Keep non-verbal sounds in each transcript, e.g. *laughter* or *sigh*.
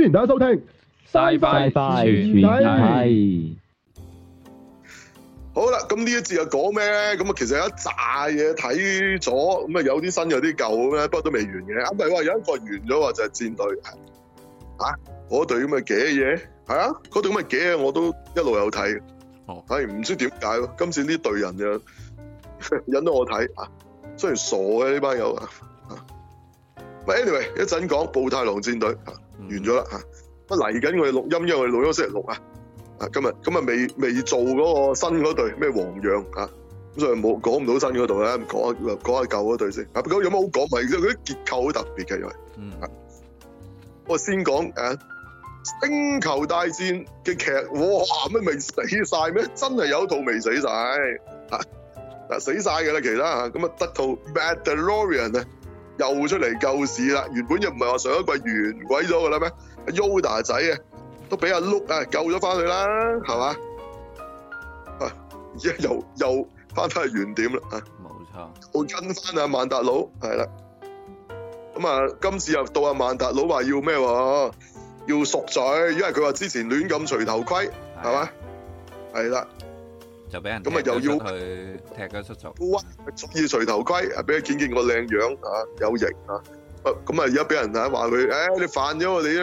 歡迎大家收聽，拜拜拜拜，好啦，咁呢一節又講咩咧？咁啊，其實有一紮嘢睇咗，咁啊有啲新有啲舊咁咧，不過都未完嘅、就是。啊，唔係話有一個完咗話就係戰隊啊，嗰隊咁嘅嘅嘢係啊，嗰隊咁嘅嘅我都一路有睇。哦，係唔知點解今次呢隊人就引到我睇啊，雖然傻嘅呢班友啊，喂 anyway 一陣講暴太郎戰隊完咗啦嚇，乜嚟緊我哋錄音，因為我哋錄咗星期六啊，啊今日今日未未做嗰個新嗰對咩黃楊嚇，咁所以冇講唔到新嗰度咧，講下講下舊嗰對先。咁有乜好講？唔係，佢啲結構好特別嘅又係。嗯。我先講誒《星球大戰》嘅劇，哇乜未死曬咩？真係有一套未死曬嚇，嗱死曬嘅啦，其他嚇咁啊得套《Mandalorian》啊。又出嚟救市啦！原本又唔係話上一季完鬼咗嘅啦咩？啊，Yoda 仔啊，都俾阿碌啊救咗翻佢啦，係嘛？啊，而家又又翻返去原點啦，啊，冇錯，我跟翻阿曼達佬係啦。咁啊，今次又到阿曼達佬話要咩？要贖罪，因為佢話之前亂咁除頭盔，係嘛？係啦。就俾人咁，嗯、啊，又要踢佢踢佢出族，所以除頭盔啊，俾佢見見個靚樣啊，有型啊，咁啊，而家俾人啊話佢，誒你犯咗我哋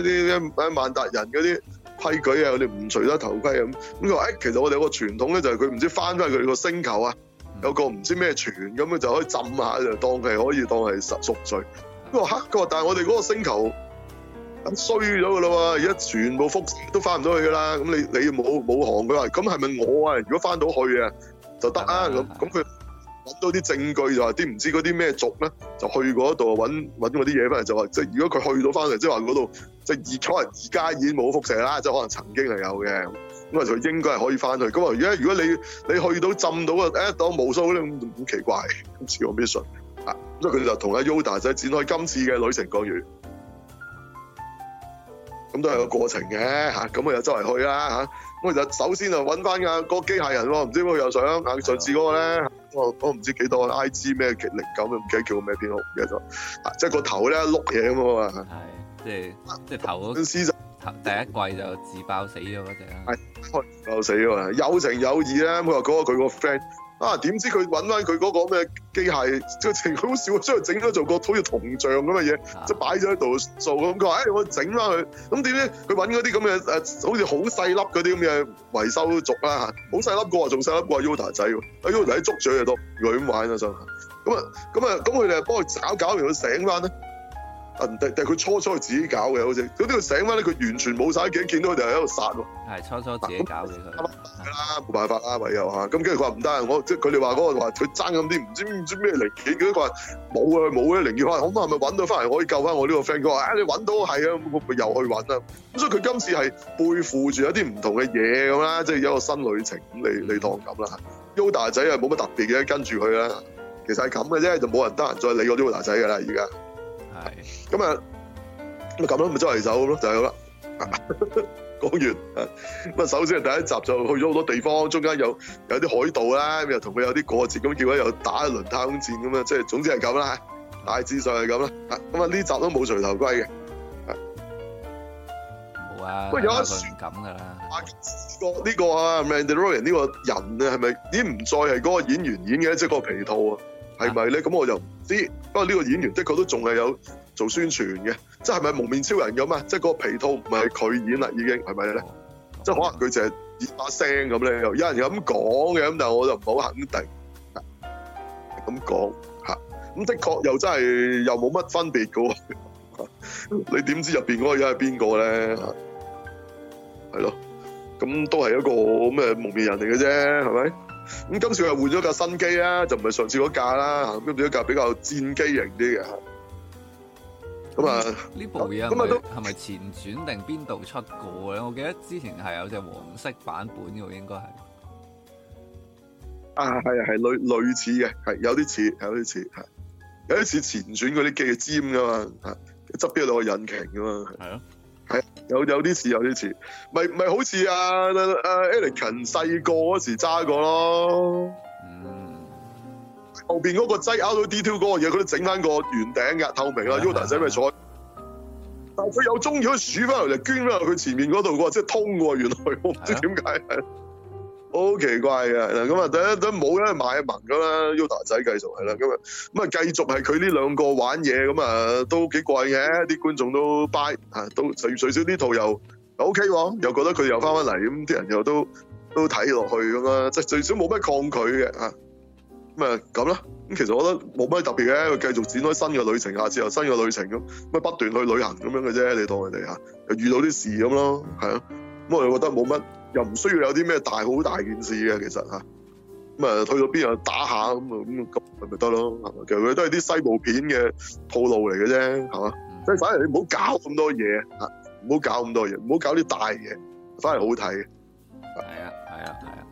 啲曼達人嗰啲規矩啊，我哋唔除得頭盔咁咁佢話，誒，哎、其實我哋有個傳統咧就係佢唔知道翻翻去佢，就係，個星球啊，有個唔知咩泉咁啊就可以浸一下就當佢可以當係十熟睡。佢話黑佢但係我哋嗰個星球。衰咗噶啦喎！而家全部輻射都翻唔到去噶啦。咁你你冇冇航？佢話咁係咪我啊？如果翻到去啊，就得啊。咁咁佢揾到啲證據就話啲唔知嗰啲咩族咧，就去嗰度揾揾嗰啲嘢翻嚟，就話即係如果佢去到翻嚟，即係話嗰度即係而可能而家已經冇輻射啦，即係可能曾經係有嘅。咁啊，佢應該係可以翻去。咁啊，而家如果你你去到浸到啊一袋毛蘇咧，咁、哎、好奇怪，今次個 mission 啊！咁佢就同阿 Yoda 仔展開今次嘅旅程講完。咁都係個過程嘅嚇，咁我又周圍去啦嚇。咁我就首先就揾翻個個機械人喎，唔知佢又想啊上次嗰個咧，我我唔知幾多 I G 咩零九咩，唔記得叫咩編號，唔記得咗。即、就、係、是、個頭咧碌嘢咁啊嘛。係，即係即係頭嗰。獅子頭第一季就自爆死咗嗰隻啦。自爆死咗，有情有義啦。佢話嗰個佢個 friend。啊！點知佢揾翻佢嗰個咩機械？即係好少將佢整咗做個好似銅像咁嘅嘢，即係擺咗喺度做咁。佢話：哎，我整翻佢。咁點呢？佢揾嗰啲咁嘅好似好細粒嗰啲咁嘅維修族啦，好細粒個仲細粒過 Yoda 仔喎。Yoda 仔捉住嘢多，女玩啊就。咁啊，咁啊，咁佢哋幫佢搞搞完，佢醒翻啦。啊！但但佢初初係自己搞嘅，好似咁呢個醒翻咧，佢完全冇晒鏡，見到佢哋喺度殺喎。係初初自己搞嘅啦，冇辦法啦，唯、啊、有話。咁跟住佢話唔得，我即係佢哋話嗰個話，佢爭咁啲唔知唔知咩零件，佢話冇啊，冇啊，零件。佢話：好嘛，咪揾到翻嚟，可以救翻我呢個 friend。佢話：啊、哎，你揾到係啊，我咪又去揾啦。咁所以佢今次係背負住一啲唔同嘅嘢咁啦，即係有個新旅程咁你嚟當咁啦。Yoda 仔又冇乜特別嘅，跟住佢啦。其實係咁嘅啫，就冇人得閒再理我呢個 Yoda 仔嘅啦，而家。咁啊，咁咯，咪周圍走咯，就係咁啦。講完，咁啊，首先第一集就去咗好多地方，中間有有啲海盜啦，又同佢有啲過節，咁結果又打一輪太空戰，咁啊，即係總之係咁啦，大致上係咁啦。咁啊呢集都冇除頭盔嘅，冇啊。不過有一段感噶啦，個呢個啊，Mandalorian 呢個人啊，係咪已經唔再係嗰個演員演嘅，即係嗰個皮套啊，係咪咧？咁我就唔知。不過呢個演員的確都仲係有做宣傳嘅，即係咪蒙面超人咁啊？即係個皮套唔係佢演啦，已經係咪咧？是是嗯、即係可能佢淨係演把聲咁咧，又有人又咁講嘅咁，但係我就唔好肯定咁講嚇。咁的確又真係又冇乜分別㗎喎。你點知入邊嗰個嘢係邊個咧？係咯，咁都係一個咁嘅蒙面人嚟嘅啫，係咪？咁今次又換咗架新機啦，就唔係上次嗰架啦，換咗架比較戰機型啲嘅。咁啊！呢、嗯嗯、部嘢係咪係咪前傳定邊度出過咧？我記得之前係有隻黃色版本嘅，應該係啊，係啊，係類類似嘅，係有啲似，有啲似，係有啲似前傳嗰啲機嘅尖噶嘛，啊，側邊有兩個引擎噶嘛，係咯，係有有啲似，有啲似，咪咪好似啊 Anakin 細個嗰時揸過咯。後邊嗰個擠 out 到 detail 嗰個嘢，佢都整翻個圓頂嘅透明啦。Yoda 仔咪坐在，但係佢又中意都鼠翻嚟就捐翻去佢前面嗰度嘅，即係通嘅原來我唔知點解好奇怪嘅咁啊，等、嗯、一等冇咧買文嘅啦。Yoda 仔繼續係啦，咁啊咁啊，繼續係佢呢兩個玩嘢，咁、嗯、啊都幾貴嘅啲觀眾都 buy 嚇，都、嗯、最最少啲套又 OK 喎，又覺得佢又翻翻嚟，咁啲人又都都睇落去咁啊，即、嗯、係最少冇咩抗拒嘅嚇。嗯咁啊咁啦，咁其實我覺得冇乜特別嘅，佢繼續展開新嘅旅程啊，之後新嘅旅程咁，咪不斷去旅行咁樣嘅啫。你當佢哋啊，又遇到啲事咁咯，係咯。咁我覺得冇乜，又唔需要有啲咩大好大件事嘅，其實嚇。咁啊，去到邊又打下咁啊咁咁咪得咯，係其實佢都係啲西部片嘅套路嚟嘅啫，係嘛？即係、嗯、反而你唔好搞咁多嘢，嚇，唔好搞咁多嘢，唔好搞啲大嘢，反而好睇嘅。係啊，係啊，係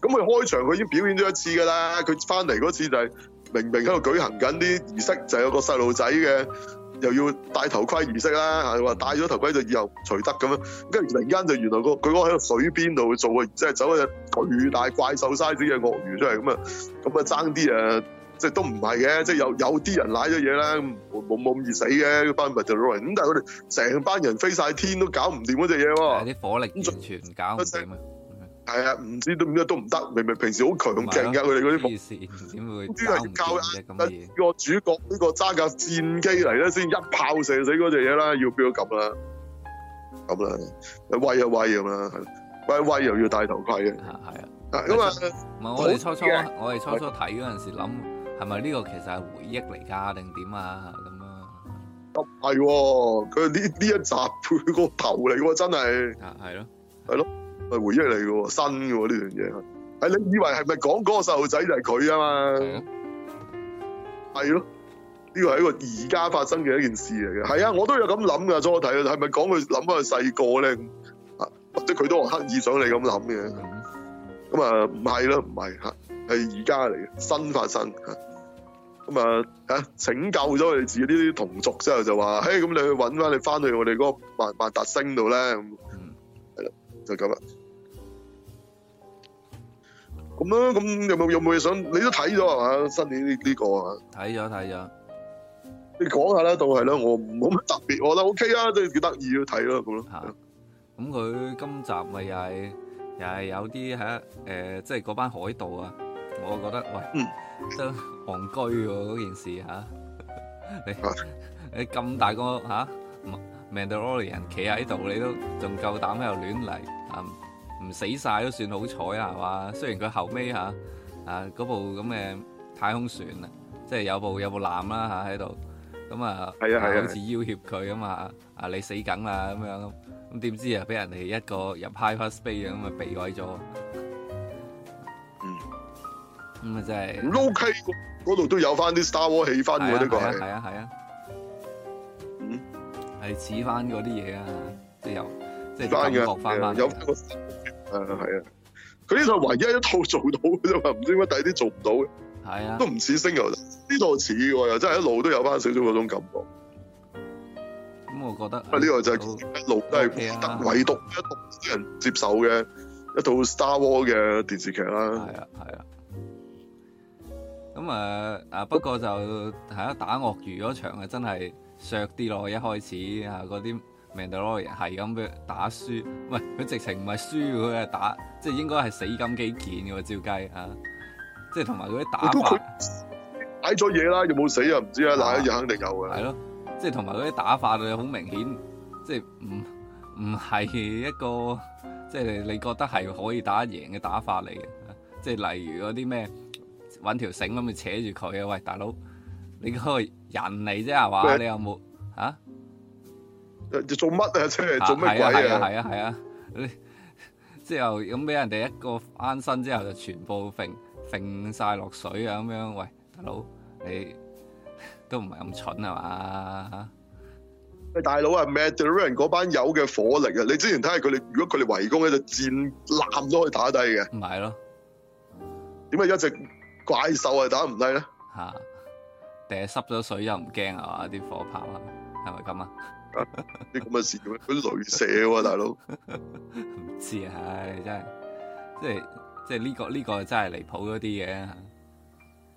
咁佢開場佢已經表演咗一次㗎啦，佢翻嚟嗰次就係明明喺度舉行緊啲儀式，就係有個細路仔嘅又要戴頭盔儀式啦，係話戴咗頭盔就以後除得咁樣，跟住突然間就原來個佢嗰喺個水邊度做啊，即係走嗰隻巨大怪獸鯊魚嘅鱷魚出嚟咁啊，咁啊爭啲啊，即係都唔係嘅，即係有有啲人攋咗嘢啦，冇冇咁易死嘅班物就攞嚟，咁但係佢哋成班人飛晒天都搞唔掂嗰隻嘢喎，啲火力完全搞唔掂有。啊。係啊，唔知都唔都唔得，明明平時好強勁噶，佢哋嗰啲服事，呢啲係要靠個主角呢個揸架戰機嚟咧，先一炮射死嗰隻嘢啦，要唔要咁啦？咁啦，威一威咁啦，威一威又要戴頭盔嘅，係啊，咁啊，唔係我哋初初我哋初初睇嗰陣時諗，係咪呢個其實係回憶嚟噶，定點啊？咁啊，係佢呢呢一集配個頭嚟喎，真係，係咯，係咯。係回憶嚟嘅，新嘅呢樣嘢。係、啊、你以為係咪講嗰個細路仔就係佢啊嘛？係咯、嗯，呢個係一個而家發生嘅一件事嚟嘅。係啊，我都有咁諗噶，所以我睇咯，係咪講佢諗翻佢細個咧？或者佢都刻意想你咁諗嘅。咁啊，唔係咯，唔係吓，係而家嚟嘅，新發生吓。咁啊，啊，拯救咗你自己呢啲同族之後就話，嘿，咁你去搵翻你翻去我哋嗰個曼曼達星度咧。嗯，係啦，就咁啦。咁咯，咁、啊、有冇有冇嘢想？你都睇咗係嘛？新年呢呢個啊，睇咗睇咗，你講下啦，到係啦，我冇乜特別，我覺得 OK 啊，真係幾得意要睇咯，咁咯。吓、嗯，咁佢、嗯、今集咪又係又係有啲喺誒，即係嗰班海盜啊，我覺得喂，真戇居喎嗰件事吓、啊， *laughs* 你 *laughs* 你咁大個吓 Mandalorian 人企喺度，你都仲夠膽喺度亂嚟，唔死晒都算好彩啊，係嘛？雖然佢後尾嚇啊嗰部咁嘅太空船啊，即係有部有部艦啦嚇喺度，咁啊好似要挾佢咁啊，啊你死梗啦咁樣咁，點知啊俾人哋一個入 hyperspace 咁，啊被毀咗，嗯，咁啊真係，OK 嗰度都有翻啲 star war 氣氛喎，呢係啊係啊，嗯，係似翻嗰啲嘢啊，即係有即係感覺翻翻。誒係啊，佢呢套唯一一套做到嘅啫嘛，唔知點解第二啲做唔到嘅，係啊，都唔似星遊，呢套似喎，又真係一路都有翻少少嗰種感覺。咁、嗯、我覺得，啊呢個就係、是、都一路都係、啊、唯獨獨、啊啊、一啲人接手嘅一套 Star Wars 嘅電視劇啦。係啊係啊，咁誒啊、呃、不過就係啊打鱷魚嗰場啊真係削啲咯，一開始吓嗰啲。名到落嚟係咁俾打輸，喂佢直情唔係輸，佢係打，即係應該係死金幾件嘅喎，照計啊！即係同埋嗰啲打法，擺咗嘢啦，有冇死啊？唔知啊，嗱、啊，有肯定有嘅、啊。係咯，即係同埋嗰啲打法，佢好明顯，即係唔唔係一個即係你覺得係可以打得贏嘅打法嚟嘅。即係例如嗰啲咩搵條繩咁樣扯住佢啊！喂，大佬，你個人嚟啫係嘛？麼你有冇？做乜啊？即係做乜鬼啊？係啊係啊之、啊啊啊啊、後咁俾人哋一個翻身之後就全部揈甩晒落水啊！咁樣，喂，大佬你都唔係咁蠢啊嘛？喂，大佬啊 Mandalorian 嗰班友嘅火力啊！你之前睇下佢哋，如果佢哋圍攻咧，就戰艦都可以打低嘅，唔係咯？點解一隻怪獸係打唔低咧？吓、啊，定係濕咗水又唔驚係嘛？啲火炮啊，係咪咁啊？啲咁嘅事做咩？佢雷射喎，大佬唔 *laughs* 知、哎這個這個、啊，唉，真係即係即係呢個呢個真係離譜嗰啲嘢，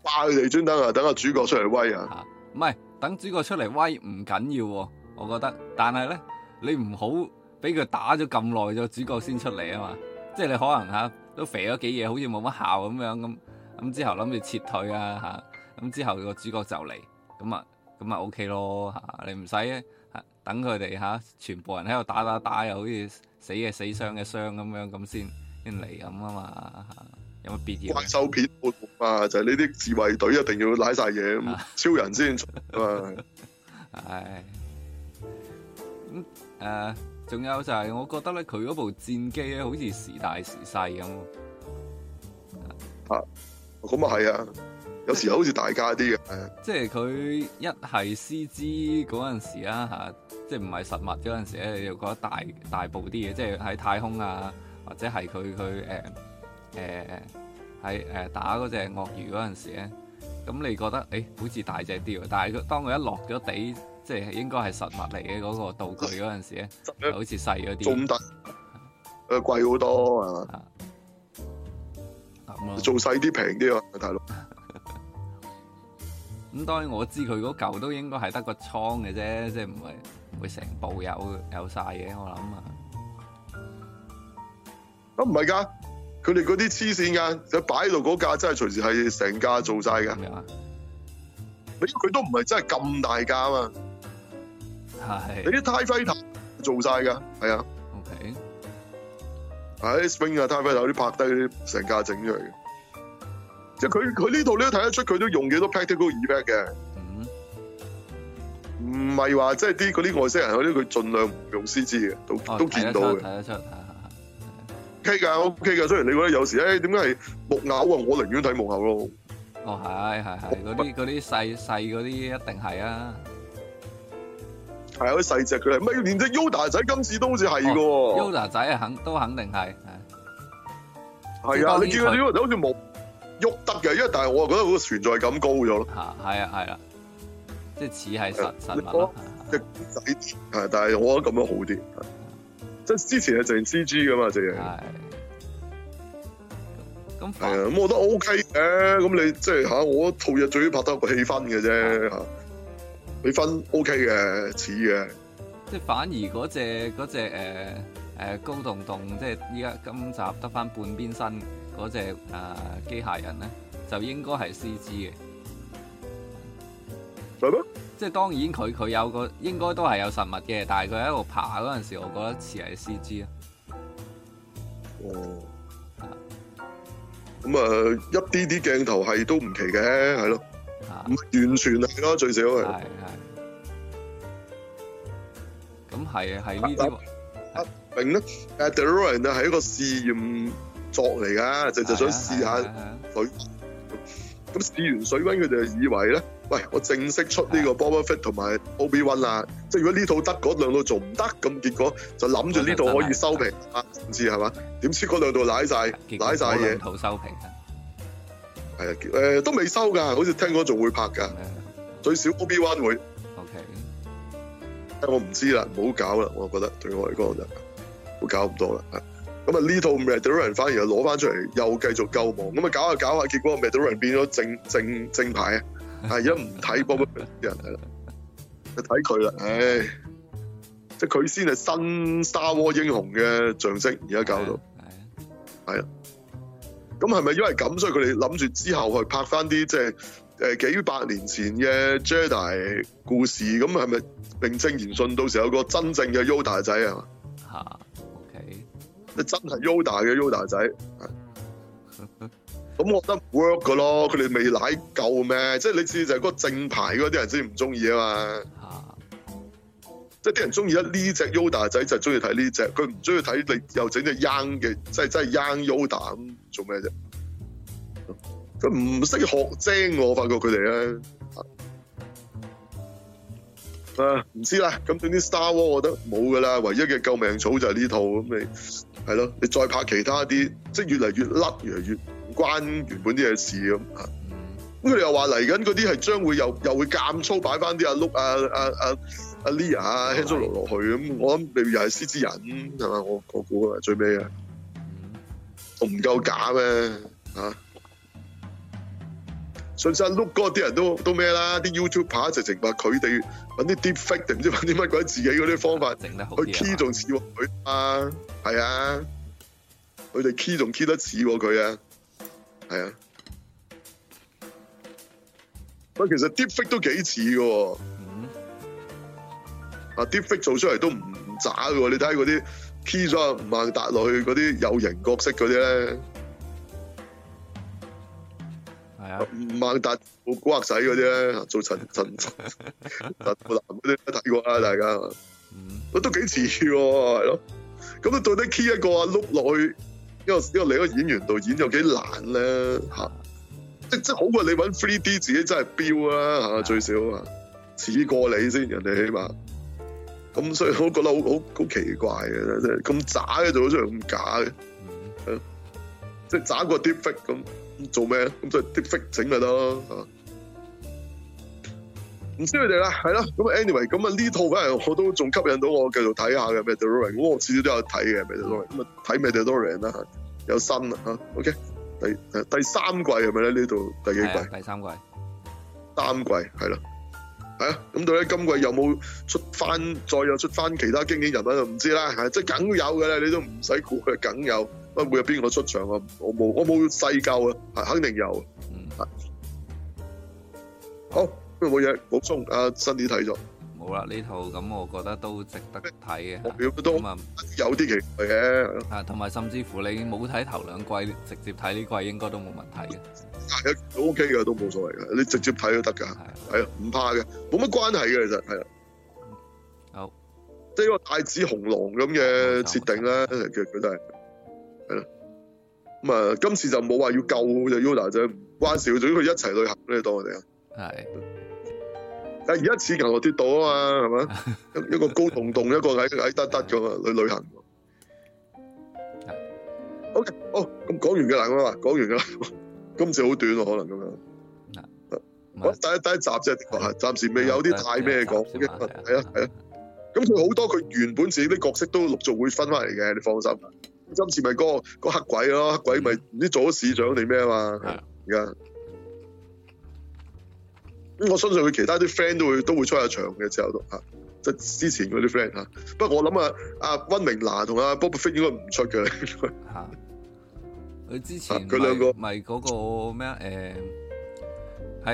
花佢哋專登啊，等個主角出嚟威啊，唔係、啊、等主角出嚟威唔緊要、啊，我覺得，但係咧你唔好俾佢打咗咁耐，咗主角先出嚟啊嘛，即係你可能吓、啊、都肥咗幾嘢，好似冇乜效咁樣咁咁之後諗住撤退啊吓，咁、啊、之後個主角就嚟咁、OK、啊咁啊 O K 咯吓，你唔使。等佢哋吓，全部人喺度打打打，又好似死嘅死、傷嘅傷咁樣，咁先先嚟咁啊嘛。有乜必要？怪獸片啊，就係呢啲自衛隊一定要拉晒嘢，啊、超人先啊。 *laughs* 唉，誒、啊，仲有就係，我覺得咧，佢嗰部戰機咧，好似時大時細咁。啊，咁啊係啊，有時候好似大家啲嘅。 *laughs* 即係佢一係 CG 嗰陣時啊吓。即係唔係實物嗰陣時咧，你又覺得大大部啲嘢，即係喺太空啊，或者係佢佢誒誒喺誒打嗰隻鱷魚嗰陣時咧，咁你覺得誒、欸、好似大隻啲喎，但係當佢一落咗地，即係應該係實物嚟嘅嗰個道具嗰陣時咧，就好似細咗啲，仲大誒貴好多係、啊、嘛，咁啊做細啲平啲啊大佬，咁 *laughs* 當然我知佢嗰嚿都應該係得個倉嘅啫，即係唔係。會成部有有晒嘅，我諗啊！咁唔係噶，佢哋嗰啲黐線噶，就擺喺度嗰架真係隨時係成架做晒噶。佢都唔係真係咁大架啊嘛。係。你啲鈦飛頭做晒噶，係啊。OK。喺 Spring 啊，鈦飛頭啲拍低啲成架整出嚟嘅。即係佢佢呢度你都睇得出佢都用幾多 practical effect 嘅。唔係話即係啲嗰啲外星人嗰啲，佢盡量唔用 CG 嘅，都都見到嘅。睇、哦、得出，睇得出，O K 噶，O K 噶。雖然你覺得有時候，誒點解係木偶啊？我寧願睇木偶咯。哦，係係係，嗰啲嗰啲細細嗰啲一定係啊。係啊，細隻嘅，唔係連隻 Yoda 仔今次都好似係嘅喎。哦、Yoda 仔肯,肯都肯定係。係啊，是的你見佢點啊？好似冇喐得嘅，因為但係我覺得佢存在感高咗咯。嚇係啊係啊。是即似係實實物啦，一仔係，但係我覺得咁樣好啲。即係之前係成 C G 噶嘛，隻嘢。咁，咁我覺得 O K 嘅。咁你即係嚇，我套嘢最起拍得個氣氛嘅啫。氣氛 O K 嘅，似嘅。即係反而嗰隻嗰隻高洞洞，即係依家今集得翻半邊身嗰隻啊機械人咧，就應該係 C G 嘅。即係當然，佢佢有個應該都係有實物嘅，但係佢喺度爬嗰陣時，我覺得似係 CG 咯。哦，咁啊，一啲啲鏡頭係都唔奇嘅，係咯，唔完全係咯，最少係。係係。咁係啊，係呢啲。阿銘咧，阿 Darren 咧係一個試驗作嚟噶，就就想試下佢。咁試完水温，佢哋就以為咧，喂，我正式出呢個 Boba Fett 同埋 Obi Wan 啦。1, 的即係如果呢套得，嗰兩套做唔得，咁結果就諗住呢套可以收皮，唔、嗯、知係嘛？點知嗰兩套賴晒賴曬嘢。嗰套收皮。係啊，誒、呃、都未收㗎，好似聽講仲會拍㗎。的最少 Obi Wan 會。O Okay K。但我唔知啦，唔好搞啦，我覺得對我嚟講就，唔好搞咁多啦。咁啊呢套 Mandalorian 反而又攞翻出嚟，又繼續救亡。咁啊搞下搞下，結果 Mandalorian 變咗正正正牌啊！而家唔睇波嘅啲人， *laughs* 就睇佢啦。唉，即係佢先係新沙窩英雄嘅象徵。而家搞到係啊，咁係咪因為咁，所以佢哋諗住之後去拍翻啲即係誒幾百年前嘅 Jedi 故事？咁係咪名正言順？到時候有個真正嘅 Yoda 仔啊？嚇！你真係 Yoda 嘅 Yoda 仔，咁、 *laughs* 嗯、我覺得唔 work 噶咯，佢哋未奶夠咩？即係你似就係嗰個正牌嗰啲人先唔中意啊嘛。 *laughs* 即係啲人中意得呢隻 Yoda 仔就中意睇呢隻，佢唔中意睇你又整隻 young 嘅，即係真係 young Yoda 咁、嗯、做咩啫？佢唔識學精我，發覺佢哋咧。啊，唔、uh，知啦，咁對啲 Star Wars，我覺得冇噶啦，唯一嘅救命草就係呢套，咁你係咯，你再拍其他啲，即係越嚟越甩，越嚟越唔關原本啲嘢事咁啊。咁佢哋又話嚟緊嗰啲係將會又又會減粗擺翻啲阿碌阿阿阿阿 Leia 啊，輕足落落去咁的，我諗你又係施之人，係嘛？我我估啊最尾、嗯、啊，唔夠假咩吓？順山碌哥啲人都都咩啦？啲 YouTube 拍就集成，話佢哋揾啲 deep fake 定唔知揾啲乜鬼，自己嗰啲方法整得好佢 key 仲似我佢啊，係啊，佢哋 key 仲 key 得似我佢啊，係啊。不過其實 deep fake 都幾似嘅。嗯。啊、deep fake 做出嚟都唔渣㗎喎，你睇嗰啲 key 咗五萬打落去嗰啲有型角色嗰啲呢。萬達好古惑仔嗰啲，做陳陳陳，我都睇過啦，大家，我、mm. 都幾似喎，係咯，咁啊到底 key 一個阿碌女，o k 落去，因為因為另個演員導演又幾難咧吓，即即、就是、好過你揾 three D 自己真係標啊，吓，Yeah. 最少啊，似過你先，人哋起碼，咁所以我覺得好好好，好奇怪嘅，即咁渣嘅做咗出嚟咁假嘅，即渣、就是、過啲逼咁。做咩咧？咁就跌息整咪得吓，唔知佢哋啦，係咯。咁 anyway 咁啊呢套梗係我都仲吸引到我繼，繼續睇下嘅。Mandalorian，我次次都有睇嘅 Mandalorian。咁啊睇 Mandalorian 啦有新啊吓。OK，第第三季係咪咧？呢度第幾季？第三季，三季係啦，係啊。咁到咧今季有冇出翻？再有出翻其他經紀人咧？唔知啦吓，即係梗有嘅啦，你都唔使估佢。梗有。會唔會有邊個出場啊？我冇，我冇細究啊，肯定有。嗯，好，冇嘢補充。阿新你睇咗？冇啦，呢套咁，我覺得都值得睇嘅。咁、嗯、是都，麼有啲期待嘅。同埋甚至乎你冇睇頭兩季，直接睇呢季應該都冇問題嘅。係啊，O K 嘅，都冇、OK、所謂嘅。你直接睇都得噶，係啊的，唔怕嘅，冇乜關係嘅，其實係、就、啊、是。好，即係一個太子紅狼咁嘅設定咧，其實佢都係。係啦，咁啊，今次就冇話要救就 Ula 啫，關事，仲要佢一齊旅行咧，當我哋啊。係。但係而家錢又落跌到啊嘛，係咪？一個高洞洞，一個矮矮得得咁啊，去旅行。O K，好，咁講完嘅啦，咁啊，講完噶啦，今次好短喎，可能咁樣。第一第一集啫，暫時未有啲太咩講嘅。係啊係啊。咁佢好多，佢原本自己啲角色都陸續會分翻嚟嘅，你放心。今次咪嗰個嗰個黑鬼咯，黑鬼咪唔知做咗市長定咩啊嘛。係啊，而家咁我相信佢其他啲 friend 都會都會出下場嘅，之後都嚇，即係之前嗰啲 friend 嚇。不過我諗啊，阿温明娜同阿 Boba Fett 應該唔出嘅。嚇！佢之前佢兩個咪嗰個咩啊？誒。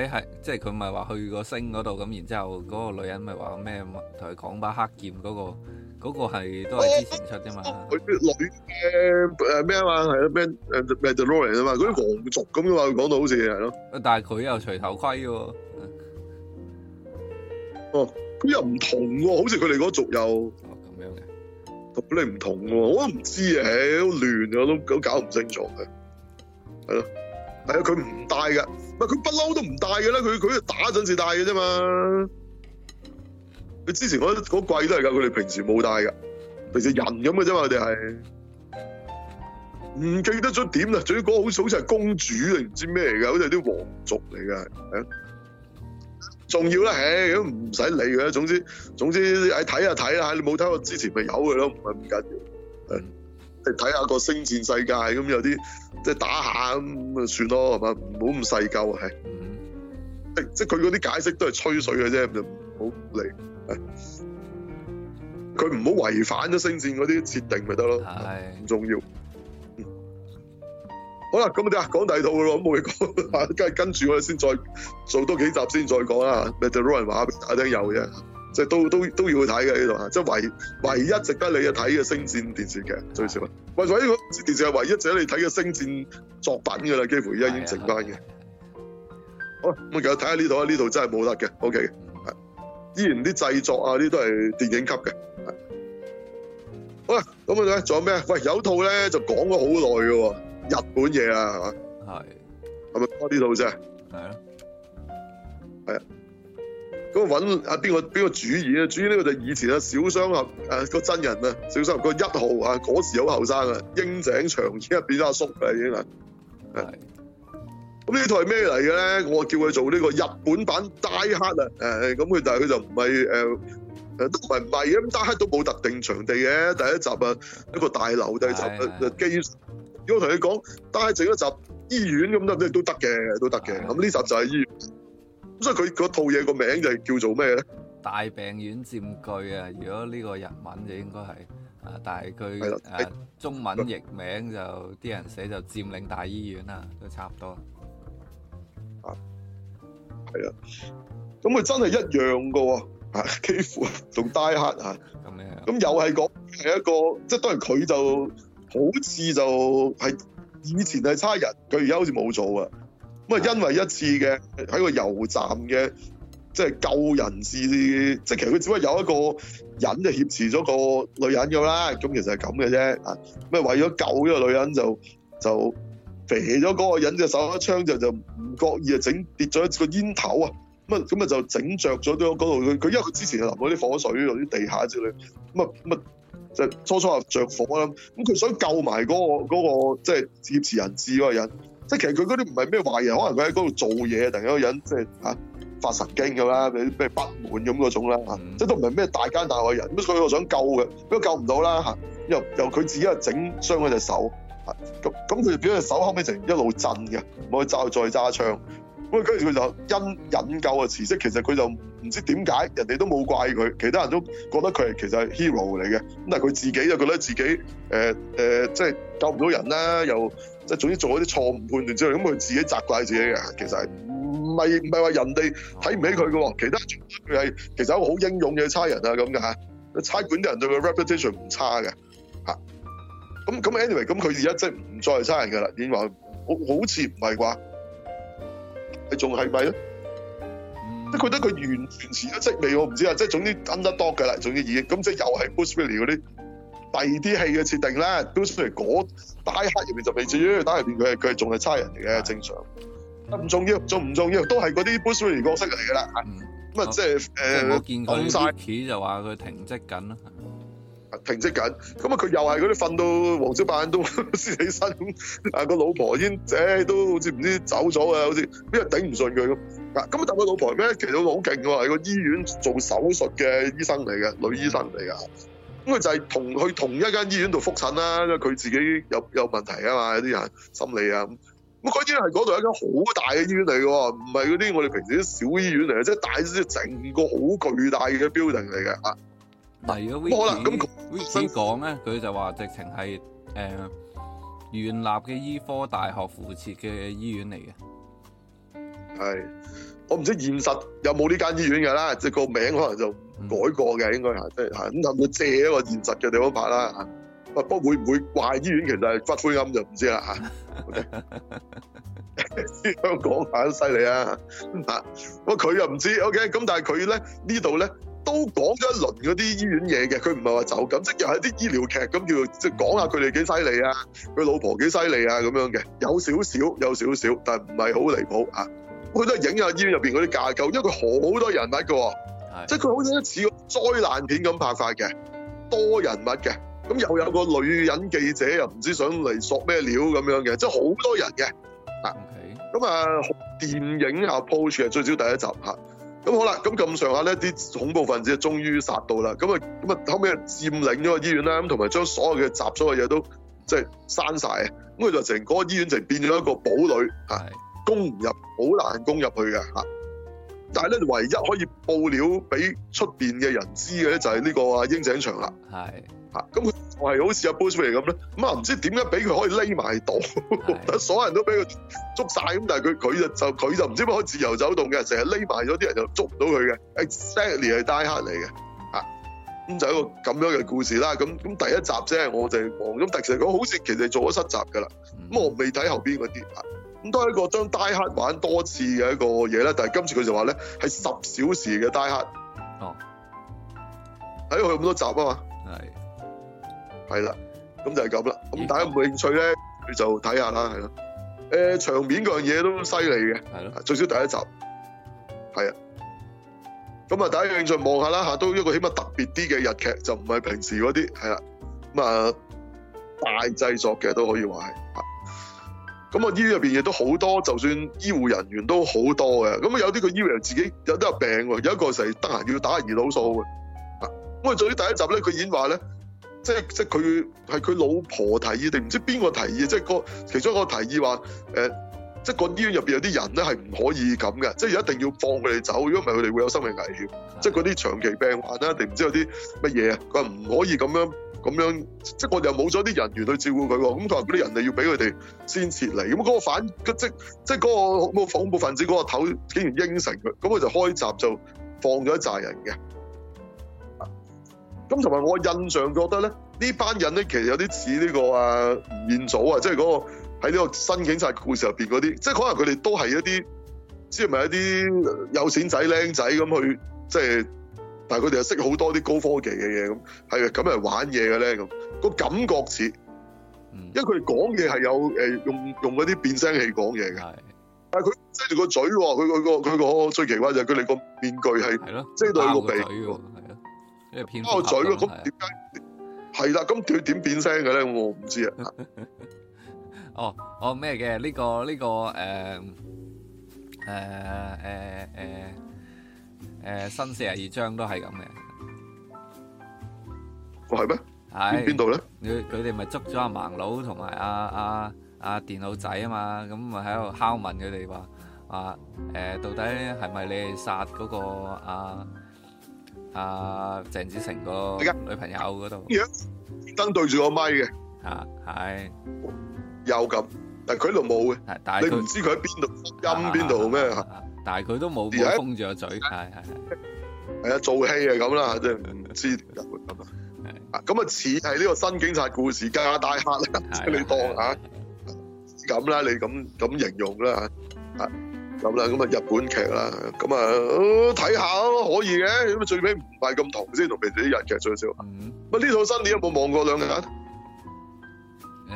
係係即係佢咪話去個星嗰度，咁然之後嗰個女人咪話咩，同佢講把黑劍嗰、那個，嗰、那個係都係之前出啫嘛。佢啲、啊、女嘅，誒咩啊嘛，係咯咩誒 The, the Lord 啊嘛，嗰啲皇族咁嘅話講到好似係咯。但係佢又除頭盔嘅，哦，佢又唔同，好似佢哋嗰族又咁、啊、樣嘅，咁你唔同我，我都唔知啊，好亂啊，都都搞唔清楚嘅，係咯。係啊，佢唔戴嘅，係佢不嬲都唔戴嘅啦。佢佢打嗰陣時戴嘅啫嘛。佢之前嗰嗰季都係噶，佢哋平時冇戴噶，平時人咁嘅啫嘛。佢哋係唔記得咗點啦。總之嗰個好似好似係公主定唔知咩嚟嘅，好似啲皇族嚟嘅。仲要咧，唉，都唔使理佢。總之總之看看，唉，睇下睇下，你冇睇過之前咪有嘅咯，唔緊要。嗯。睇下個星戰世界咁有啲、嗯、即係打下咁咪算咯係嘛？唔好咁細究呀，係。即係即係佢嗰啲解釋都係吹水嘅啫，就唔好嚟。佢唔好違反咗星戰嗰啲設定咪得咯，唔重要。好啦，咁啊講第二套嘅咯，冇嘢講，跟住我哋先再做多幾集先再講啦。你就攞嚟話畀大家聽有啫。即係都都都要去睇嘅呢度嚇，即係唯唯一值得你去睇嘅《星戰》電視劇最少。喂喂，呢個電視係唯一值得你睇嘅《星戰》作品㗎啦，幾乎而家已經剩翻嘅。好，咁我睇下呢套啊，呢套真係冇得嘅。OK 嘅，依然啲製作啊呢啲都係電影級嘅。好啦，咁我哋仲有咩啊？喂，有套咧就講咗好耐㗎喎，日本嘢啊係嘛？係係咪開呢套先啊？係啊，係啊。咁揾啊邊個邊個主演啊？主演呢個就以前啊小雙俠啊個真人啊，小雙俠個一號啊，嗰時好後生啊，櫻井翔，而家變咗阿叔啊，已經啦。係、嗯。咁呢套係咩嚟嘅咧？我叫佢做呢個日本版 Die Hard 啊。誒、嗯，咁佢但係佢就唔係誒，誒、呃、都唔係迷嘅。咁 Die Hard 都冇特定場地嘅，第一集啊一個大樓第二集基。如果同佢講 Die Hard 整一集醫院咁得唔都得嘅，都得嘅。咁呢集就係醫院。的咁所以佢嗰套嘢個名就係叫做咩咧？大病院佔據啊！如果呢個日文就應該係的啊，但係佢誒中文譯名就啲人寫就佔領大醫院啊，都差唔多啊，係啊，咁佢真係一樣嘅喎，啊幾乎同 Die Hard 啊。咁咩啊？咁又係講係一個，即係當然佢就好似就係以前係差人，佢而家好似冇做啊。因為一次嘅喺個油站嘅即係救人質，即係其實佢只不過有一個人就挾持咗個女人咁啦。咁其實係咁嘅啫。咁啊為咗救呢個女人就就射咗嗰個人隻手一槍，就就唔覺意啊整跌咗一個煙頭啊。咁啊咁啊就整着咗啲嗰度，佢因為佢之前就淋咗啲火水落啲地下之類。咁啊咁啊就初初啊着火啦。咁佢想救埋、嗰個、嗰個即係劫持人質嗰個人。即係其實佢嗰啲唔係咩壞人，可能佢喺嗰度做嘢，突然有人即係嚇發神經咁啦，俾咩不滿咁嗰種啦，即都唔係咩大奸大惡人，咁所以我想救嘅，救不過救唔到啦嚇，又又佢自己又整傷佢隻手，咁咁佢就變隻手後尾成一路震嘅，我揸再揸槍，咁跟住佢就因引咎啊辭職，其實佢就唔知點解，人哋都冇怪佢，其他人都覺得佢係其實係 hero 嚟嘅，咁但係佢自己就覺得自己誒誒即係救唔到人啦，又。即係總之做嗰啲錯誤判斷之後，咁佢自己責怪自己嘅，其實係唔係唔係話人哋睇唔起佢嘅喎？其他佢係其實一個好英勇嘅差人啊，咁嘅差館啲人對佢 reputation 唔差嘅嚇。咁咁 anyway，咁佢而家即係唔再係差人㗎啦。你話好好似唔係啩？你仲係咪咧？即係覺得佢完全前一績未，我唔知啊。即係總之 underdog 嘅啦，總之而家咁即係又係 b o s t f i l l y 嗰啲。第二啲戲嘅設定咧，都算係嗰大黑入面就未至於，大入面佢佢仲係差人嚟嘅，正常。唔的重要，仲唔重要都係嗰啲 Bruce Wayne 角色嚟噶啦。咁啊、嗯，即係誒，講曬、哦。K、呃、就話佢停職緊咯，停職緊。咁啊，佢又係嗰啲瞓到黃小板都先起身，啊、個老婆已經誒、欸、都好似唔知走咗啊，好似邊個頂唔順佢咁。咁啊，但係個老婆咩？其實佢好勁㗎，係個醫院做手術嘅醫生嚟嘅，女醫生嚟㗎。嗯咁佢就係同去同一間醫院度覆診啦。因為佢自己有有問題啊嘛，有啲人心理啊。咁嗰啲係嗰度一間好大嘅醫院嚟嘅喎，唔係嗰啲我哋平時啲小醫院嚟嘅，即係，就係大啲，就係整個好巨大嘅 building 嚟嘅。啊，係啊。可能咁新講咧，佢就話直情係誒原立嘅醫科大學附設嘅醫院嚟嘅。係，我唔知現實有冇呢間醫院㗎啦，即係個名可能就。改過嘅應該係，即係咁諗到借一個現實嘅地方拍啦？不過會唔會怪醫院其實係發灰暗就唔知啦嚇。香港拍得犀利啊！啊，我佢又唔知 OK，咁但係佢咧，呢度咧都講咗一輪嗰啲醫院嘢嘅，佢唔係話就咁，即係又係啲醫療劇咁叫，即係講下佢哋幾犀利啊，佢老婆幾犀利啊咁樣嘅，有少少有少少，但係唔係好離譜啊。佢都係影下醫院入邊嗰啲架構，因為佢好多人喺個。即係佢好似一似災難片咁拍法嘅，多人物嘅，咁又有個女人記者又唔知想嚟索咩料咁樣嘅，即係好多人嘅。嗱，咁啊，電影啊，鋪出係最少第一集嚇。咁好啦，咁咁上下咧，啲恐怖分子終於殺到啦，咁啊，咁啊，後尾佔領咗個醫院啦，咁同埋將所有嘅雜所有嘢都即係閂曬，咁佢就成嗰個醫院就變咗一個堡壘嚇，是攻唔入，好難攻入去嘅嚇。但係咧，唯一可以報料俾出邊嘅人知嘅咧，就係呢個阿英井祥啦。係是啊，咁佢係好似阿 Boozy 嚟咁咧，咁啊唔知點解俾佢可以匿埋到，是 *laughs* 所有人都俾佢捉晒。咁但係佢佢就就佢就唔知點解可以自由走動嘅，成日匿埋咗啲人就捉唔到佢嘅。嗯、Exactly 係大黑嚟嘅，啊咁就一個咁樣嘅故事啦。咁咁第一集啫，我哋望咁，其實講好似其實做咗七集嘅啦。咁、嗯、我未睇後邊嗰啲。啊咁多一個將 Die 黑玩多次嘅一個嘢啦。但係今次佢就話咧係十小時嘅 Die 黑哦，睇佢咁多集啊嘛，係係啦，咁就係咁啦。咁大家冇有有興趣咧佢、嗯、就睇下啦，係咯。誒、呃，場面嗰樣嘢都犀利嘅，係咯的，最少第一集係啊。咁啊，大家有興趣望下啦，吓都一個起碼特別啲嘅日劇，就唔係平時嗰啲係啦。咁啊，大製作嘅都可以話係。咁啊，醫院入邊亦都好多，就算醫護人員都好多嘅。咁啊，有啲佢醫護自己有得有病喎，有一個就係得閒要打胰島素嘅。啊，咁啊，至於第一集咧，佢已經話咧，即係即係佢係佢老婆提議定唔知邊個提議，即係個其中一個提議話，誒、欸，即係個醫院入邊有啲人咧係唔可以咁嘅，即係一定要放佢哋走，如果唔係佢哋會有生命危險。即係嗰啲長期病患啦，定唔知有啲乜嘢啊？佢話唔可以咁樣。咁樣即係我又冇咗啲人員去照顧佢喎，咁佢話嗰啲人要俾佢哋先撤離，咁嗰個反即即係嗰個恐怖分子嗰個頭竟然應承佢，咁佢就開閘就放咗一紮人嘅。咁同埋我印象覺得咧，呢班人咧，其實有啲似呢個啊吳彥祖啊，即係嗰個喺呢個新警察故事入邊嗰啲，即係可能佢哋都係一啲即係咪一啲有錢仔靚仔咁去即係。但係佢哋又識好多啲高科技嘅嘢咁，係咁嚟玩嘢嘅咧咁，個感覺似，因為佢哋講嘢係有誒用用嗰啲變聲器講嘢嘅。係的，但係佢遮住個嘴喎，佢佢個佢個最奇怪就係佢哋個面具係遮住個鼻喎，係咯，嘴喎。咁點解係啦？咁佢點變聲嘅咧？我唔知啊。哦哦，咩嘅呢個呢個誒誒誒誒？呃呃呃呃誒新四十二章都係咁嘅，我係咩？喺邊度咧？佢佢哋咪捉咗阿盲佬同埋阿阿阿電腦仔啊嘛，咁咪喺度敲問佢哋話話誒，到底係咪你哋殺嗰個阿阿鄭子誠個女朋友嗰度？燈對住個咪嘅，嚇係又咁。但佢度冇嘅，但係你唔知佢喺邊度音邊度咩？但係佢都冇封住個嘴，係係係，係啊！做戲係咁啦，即係唔知日本咁啊。咁啊似係呢個新警察故事加大客啦，你當嚇咁啦，你咁咁形容啦嚇咁啦。咁啊日本劇啦，咁啊睇下都可以嘅。咁啊最尾唔係咁同先同譬如啲日劇最少。乜呢套新你有冇望過兩眼？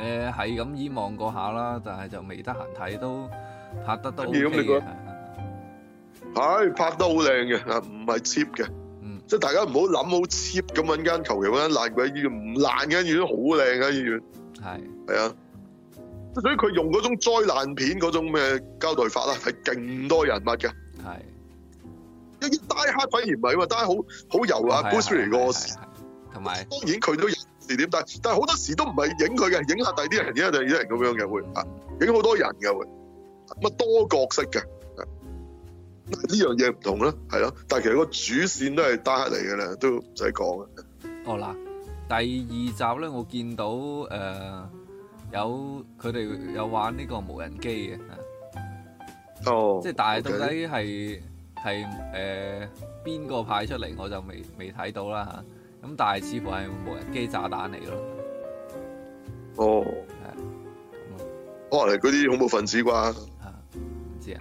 誒，係咁耳望過下啦，但係就未得閒睇，都拍得都好、OK、靚。係的拍得好靚嘅，唔係 cheap 嘅。即係、嗯、大家唔好諗好 cheap 咁，搵間求其搵間爛鬼醫院，唔爛嘅醫院好靚嘅醫院。係係啊，即的所以佢用嗰種災難片嗰種咩交代法啦，係勁多人物嘅。係的，一啲大黑反而唔係啊，大黑好好油啊，Boost 嚟個，同埋、哦、當然佢都點，但但係好多時都唔係影佢嘅，影下第啲人，影下第二啲人咁樣嘅會，影好多人嘅會，咁啊多角色嘅，呢樣嘢唔同啦，係咯，但係其實個主線都係單核嚟嘅啦，都唔使講啊。哦，嗱，第二集咧，我見到誒、呃、有佢哋有玩呢個無人機嘅，哦，即係但係到底係係誒邊個派出嚟，我就未未睇到啦吓。啊咁但係似乎係無人機炸彈嚟嘅咯，哦，係，可能係嗰啲恐怖分子啩，唔知啊，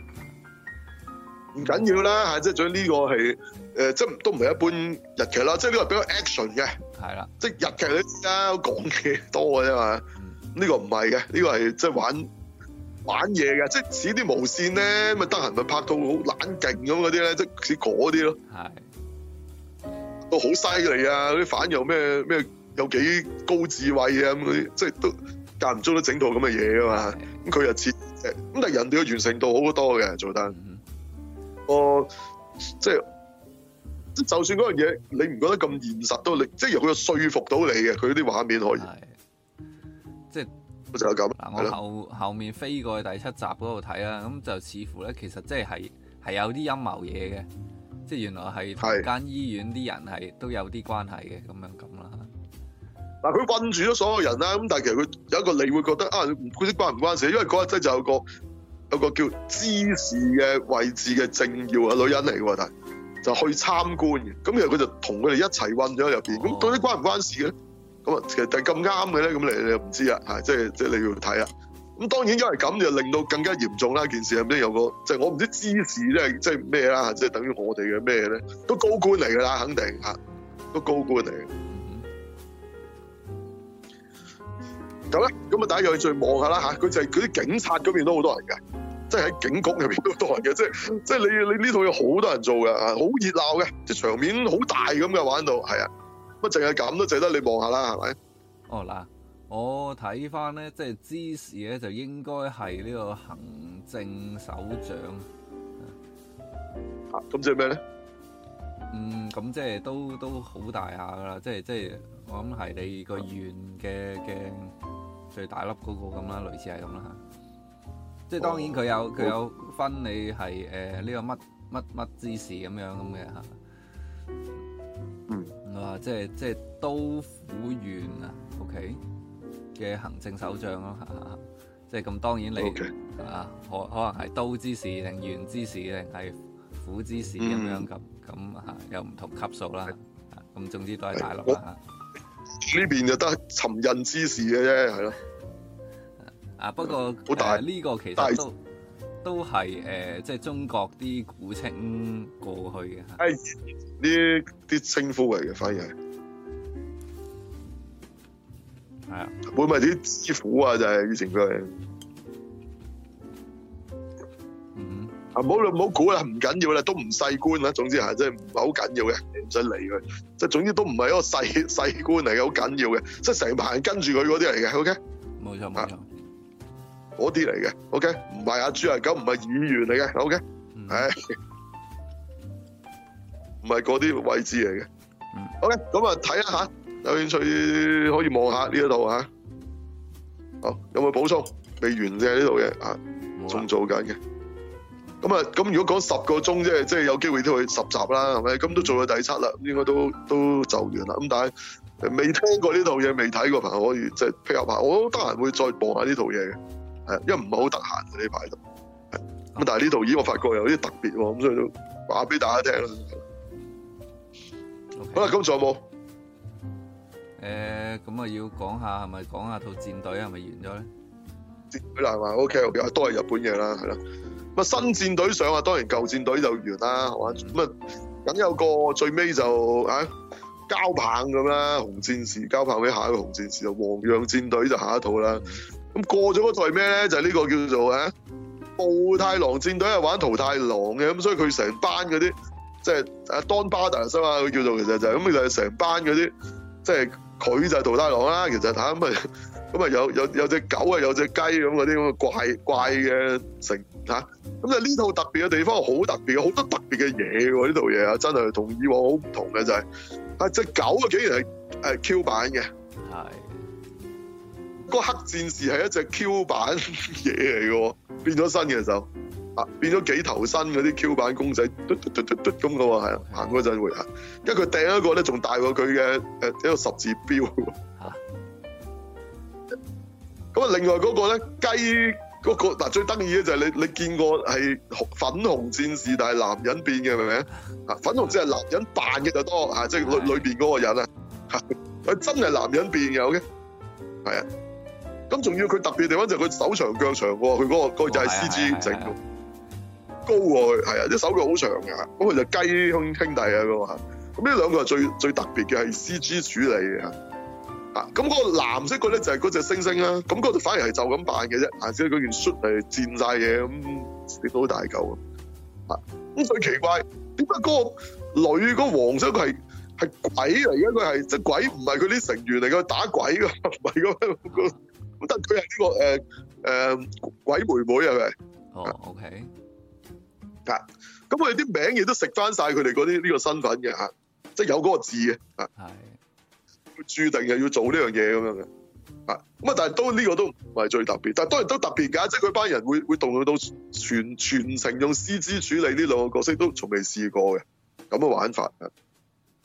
唔緊要啦，吓即係仲有呢個係，誒即係都唔係一般日劇啦，即係呢個比較 action 嘅，係啦，即係日劇咧，而家講嘅多嘅啫嘛，呢個唔係嘅，呢個係即係玩玩嘢嘅，即係似啲無綫咧，咪得閒咪拍到好冷勁咁嗰啲咧，即係似嗰啲咯，係。都好犀利啊！嗰啲反又咩咩，有幾高智慧啊！咁嗰啲即係都間唔中都整到咁嘅嘢啊嘛。咁佢又似，咁但係人哋嘅完成度好多嘅做得，嗯、哦，即係，就算嗰樣嘢你唔覺得咁現實，都你即係佢又說服到你嘅，佢啲畫面可以，即係就咁。嗱，我後的後面飛過去第七集嗰度睇啦，咁就似乎咧，其實即係係係有啲陰謀嘢嘅。即係原來係間醫院啲人係都有啲關係嘅，咁是樣咁啦，嗱，佢困住咗所有人啦，咁但係其實佢有一個你會覺得啊，唔知關唔關事？因為嗰日真就有個有個叫知事嘅位置嘅政要嘅女人嚟嘅喎，但係就去參觀嘅。咁其實佢就同佢哋一齊困咗入邊。咁到底關唔關事咧？咁啊，其實係咁啱嘅咧，咁你你又唔知啊？嚇，即係即係你要睇啊！咁當然，因為咁就令到更加嚴重啦。件事係唔知有個，即、就、係、是、我唔知支事，咧，即係咩啦，即係等於我哋嘅咩咧，都高官嚟噶啦，肯定嚇，都高官嚟嘅。咁、嗯、咧，咁啊，大家又去再望下啦嚇。佢就係嗰啲警察嗰邊都好多人嘅，即係喺警局入邊都好多人嘅，即係即係你你呢套有好多人做嘅，好熱鬧嘅，即係場面好大咁嘅玩到，係啊，乜淨係咁都值得你望下啦，係咪？哦，嗱。我睇翻咧，即係芝士咧就應該係呢個行政首長。咁即係咩咧？是呢嗯，咁即係都都好大下噶啦，即係即係我諗係你個縣嘅嘅最大粒嗰、那個咁啦，類似係咁啦吓。即係當然佢有佢有分你係誒呢個乜乜乜芝士咁樣咁嘅吓。啊，嗯、即係即係都府縣啊，OK。嘅行政首長咯，即係咁，當然你啊，可 Okay. 可能係刀之士，定劍之士，定係斧之士咁、嗯、樣咁，咁啊，有唔同級數啦。咁是總之都係大陸啦。呢邊就得沉刃之士嘅啫，係咯。啊，不過呢大個其實都大都係誒，即係中國啲古稱過去嘅。係呢啲稱呼嚟嘅，反而係。係啊，會唔會啲師傅啊？就係以前佢，嗯，啊，唔好你唔好估啦，唔緊要啦，都唔細官啦。總之係真係唔係好緊要嘅，唔使理佢。即係總之都唔係一個細細官嚟嘅，好緊要嘅。即係成排人跟住佢嗰啲嚟嘅，OK，冇錯冇錯，嗰啲嚟嘅，OK，唔係阿豬阿狗，唔係演員嚟嘅，OK，係唔係嗰啲位置嚟嘅？嗯，OK，咁啊睇下。有興趣可以望下呢一套吓，好，有冇補充？未完嘅呢度嘢，啊，仲做緊嘅。咁啊,咁如果講十個鐘，即係即係有機會都可以十集啦，係咪？咁都做到第七啦，應該都都就完啦。咁但係未聽過呢套嘢，未睇過嘅朋友可以即係、就是、配合下。我都得閒會再播下呢套嘢嘅，係，因為唔係好得閒呢排都。咁但係呢套，依我發覺有啲特別喎，咁所以都話俾大家聽啦。好啦的，咁仲有冇？誒，咁啊要講下係咪講下套戰隊係咪完咗咧？戰隊係嘛，O K，都係日本嘢啦，係咯。咁啊新戰隊上啊，當然舊戰隊就完啦，係嘛。咁啊，咁有個最尾就啊交棒咁啦，紅戰士交棒俾下一個紅戰士，就王樣戰隊就下一套啦。咁過咗嗰套咩咧？就呢個叫做啊暴太郎戰隊係玩桃太郎嘅，咁所以佢成班嗰啲即係啊 Donbada 啊，嘛佢叫做其實就咁，就係成班嗰啲即係。佢就係暴太郎啦，其實吓咁啊咁、就是、啊有有有隻狗啊有隻雞咁嗰啲咁嘅怪怪嘅成吓，咁就呢套特別嘅地方好特別，好多特別嘅嘢呢套嘢啊，真係同以往好唔同嘅就係啊隻狗啊竟然係誒 Q 版嘅，係，是的 個黑戰士係一隻 Q 版嘢嚟嘅，變咗身嘅時候。變咗幾頭身嗰啲 Q 版公仔，嘟嘟嘟嘟嘟咁嘅喎，行嗰陣會行，因為佢頂一個咧，仲大過佢嘅誒一個十字標。吓，咁啊，另外嗰個咧雞嗰個嗱最得意嘅就係，你你見過係粉紅戰士，但係男人變嘅明唔明啊？ *laughs* 粉紅只係男人扮嘅就多，吓即係裏面邊嗰個人啊，佢真係男人變嘅，好嘅，係啊。咁仲要佢特別地方就係佢手長腳長喎，佢嗰、嗰個嗰個就係 CG 整。高過佢係啊，啲手腳好長嘅，咁佢就雞兄兄弟啊咁啊，咁呢兩個係、嗰個，最最特別嘅係 CG 處理嘅，吓咁嗰個藍色隻猩猩，嗰個咧就係嗰隻猩猩啦，咁嗰度反而係就咁扮嘅啫，但係嗰件 shirt 係濺晒嘢咁跌到好大嚿啊，咁最奇怪點解嗰個女嗰黃色佢係係鬼而家佢係即係鬼唔係佢啲成員嚟嘅，打鬼嘅唔係咁，咁但佢係呢個誒誒、呢個呃呃、鬼妹妹係咪？哦、oh,，OK。咁我哋啲名亦都食翻晒佢哋嗰啲呢個身份嘅吓，即係有嗰個字嘅吓，係注定係要做呢樣嘢咁樣嘅吓。咁啊，但係都呢個都唔係最特別，但係當然都特別噶，即係佢班人會會動用到全全程用 CG 處理呢兩個角色都從，都從未試過嘅咁嘅玩法。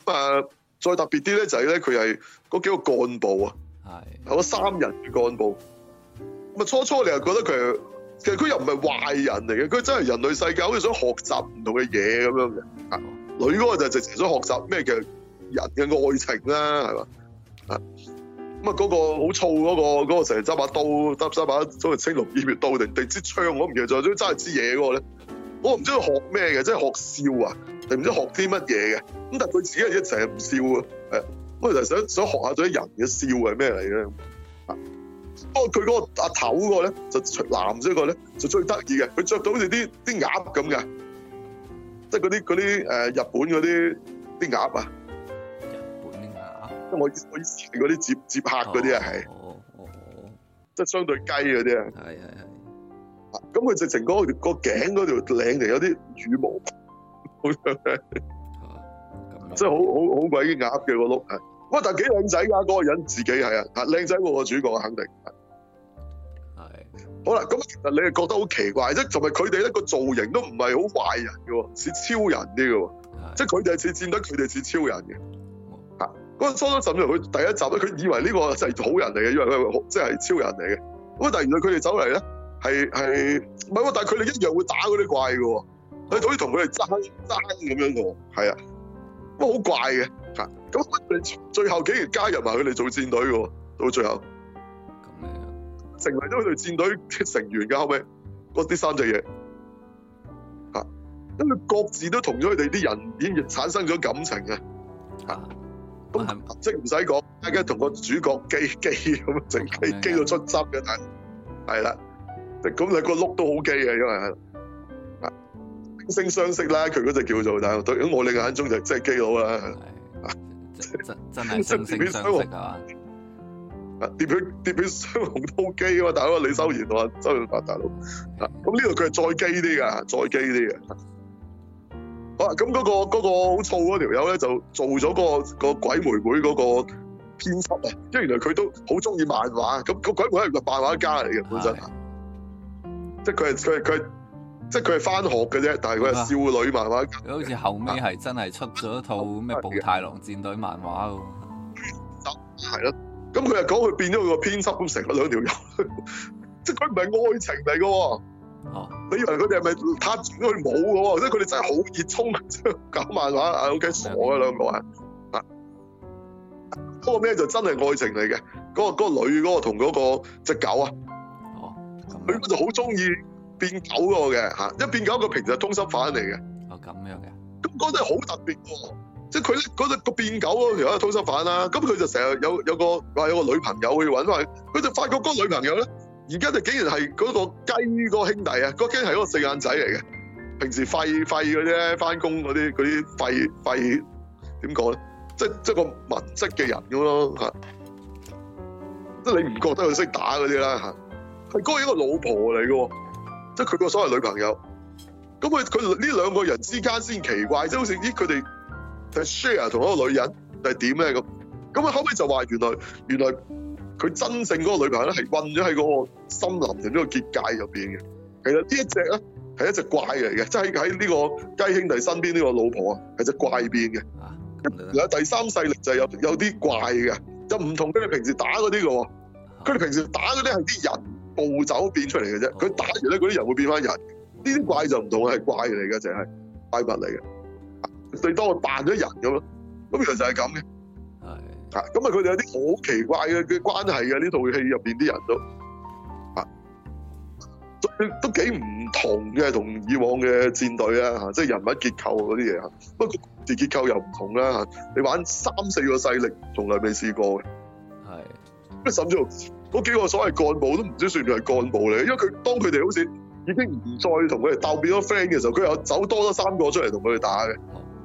咁啊，再特別啲咧就係咧，佢係嗰幾個幹部啊，係有咗三人嘅幹部。咁啊，初初你又覺得佢？其實佢又唔係壞人嚟嘅，佢真係人類世界好似想學習唔同嘅嘢咁樣嘅。女嗰個就直情想學習咩？其實人嘅愛情啦，係嘛？啊咁啊，嗰個好燥嗰個，嗰、嗰個成日揸把刀，揸把所謂青龍偃月刀定定支槍，我唔記得咗，想揸支嘢嗰個咧，我唔知佢學咩嘅，即係學笑啊，定唔知學啲乜嘢嘅？咁但係佢自己又一成日唔笑啊，誒，我哋就想想學下啲人嘅笑係咩嚟咧？哦，佢嗰、啊、個阿頭嗰個咧，就藍色，即個咧，就最得意嘅。佢着到好似啲啲鴨咁嘅，即係嗰啲啲誒，日本嗰啲啲鴨啊。日本啲鴨，即係我我以前嗰啲接接客嗰啲啊，係、哦，哦哦、即係相對雞嗰啲啊。係係係。咁、嗯、佢、嗯嗯、直情、那、嗰個頸嗰條領就有啲羽毛，好即係好好好鬼啲鴨嘅個碌啊。喂，但係幾靚仔㗎嗰個人自己係啊，嚇靚仔喎，個主角肯定係。的好啦，咁其實你係覺得好奇怪即係，同埋佢哋一個造型都唔係好壞人嘅喎，似超人啲嘅喎，係的即係佢哋似戰隊，佢哋似超人嘅。嚇、嗯！嗰陣蘇打浸入去第一集咧，佢以為呢個真係好人嚟嘅，以為佢即係超人嚟嘅。哇！但係原來佢哋走嚟咧係係唔係喎？但係佢哋一樣會打嗰啲怪嘅喎，可以同佢哋爭爭咁樣嘅喎，係啊！哇，好怪嘅。咁佢哋最後竟然加入埋佢哋做戰隊喎，到最後麼成為咗佢哋戰隊成員嘅後尾嗰啲三隻嘢嚇，因、啊、為各自都同咗佢哋啲人演員產生咗感情嘅嚇，咁即係唔使講，大家同個主角基基咁整基基到出汁嘅，但係係啦，咁你個碌都好基嘅，因為係啊，惺惺、啊那個啊、相惜啦，佢嗰隻叫做，但係對喺我哋眼中就真係基佬啦。真真係唔想食啊！喋血喋血雙雄都基啊！大佬李修賢啊，周潤發大佬，咁呢度佢係再基啲㗎，再基啲嘅。好啦，咁嗰個嗰個好燥嗰條友咧，就做咗個個鬼妹妹嗰個編輯啊！即係原來佢都好中意漫畫，咁個鬼妹妹係咪漫畫家嚟嘅的本身？即係佢係佢係佢即係佢係翻學嘅啫，但係佢係少女漫畫。佢好似後尾係真係出咗一套咩暴太郎戰隊漫畫喎。係咯，咁佢又講佢變咗佢個編輯咁，成咗兩條友， *laughs* 即係佢唔係愛情嚟噶。哦。你以為佢哋係咪攤錢去舞噶？即係佢哋真係好熱衷 *laughs* 搞漫畫畫啊！好驚的傻啊，兩個人。嗰的、嗰個咩、嗰個、就真係愛情嚟嘅，嗰、嗰個、嗰個女嗰個同嗰、嗰個隻、嗰個、狗啊。哦。佢就好鍾意。變狗個嘅，吓，一變狗，佢平時係通緝犯嚟嘅。哦，咁樣嘅。咁嗰真係好特別嘅，即係佢咧嗰隻個變狗咯，係通緝犯啦。咁佢就成日有有個話有個女朋友去搵翻佢，就發覺嗰個女朋友咧，而家就竟然係嗰個雞嗰個兄弟啊，嗰個雞係一個四眼仔嚟嘅。平時廢廢嗰啲返工嗰啲嗰啲廢廢，點講咧？即即係個文職嘅人咁咯吓。即你唔覺得佢識打嗰啲啦吓？係、嗰個、一個老婆嚟嘅。即係佢個所謂女朋友，咁佢佢呢兩個人之間先奇怪，即係好似咦佢哋係 share 同一個女人定係點咧咁？咁佢後尾就話原來原來佢真正嗰個女朋友咧係困咗喺個森林嘅呢個結界入邊嘅。其實呢一隻咧係一隻怪嚟嘅，即係喺呢個雞兄弟身邊呢個老婆啊，係隻怪變嘅。有第三勢力就係有有啲怪嘅，就唔同佢哋平時打嗰啲嘅喎。佢哋平時打嗰啲係啲人。暴走變出嚟嘅啫，佢打完咧，嗰啲人會變翻人。呢啲、哦、怪就唔同，係怪嚟嘅，淨係怪物嚟嘅。最多扮咗人咁咯，咁其實就係咁嘅。係啊的，咁啊，佢哋有啲好奇怪嘅嘅關係嘅呢套戲入邊啲人都啊，都幾唔同嘅，同以往嘅戰隊啊，即係人物結構嗰啲嘢啊。不過啲結構又唔同啦、啊，你玩三四個勢力，從來未試過嘅。係的，甚至嗰幾個所謂幹部都唔知算唔算係幹部嚟，因為佢當佢哋好似已經唔再同佢哋鬥變咗 friend 嘅時候，佢又走多咗三個出嚟同佢哋打嘅，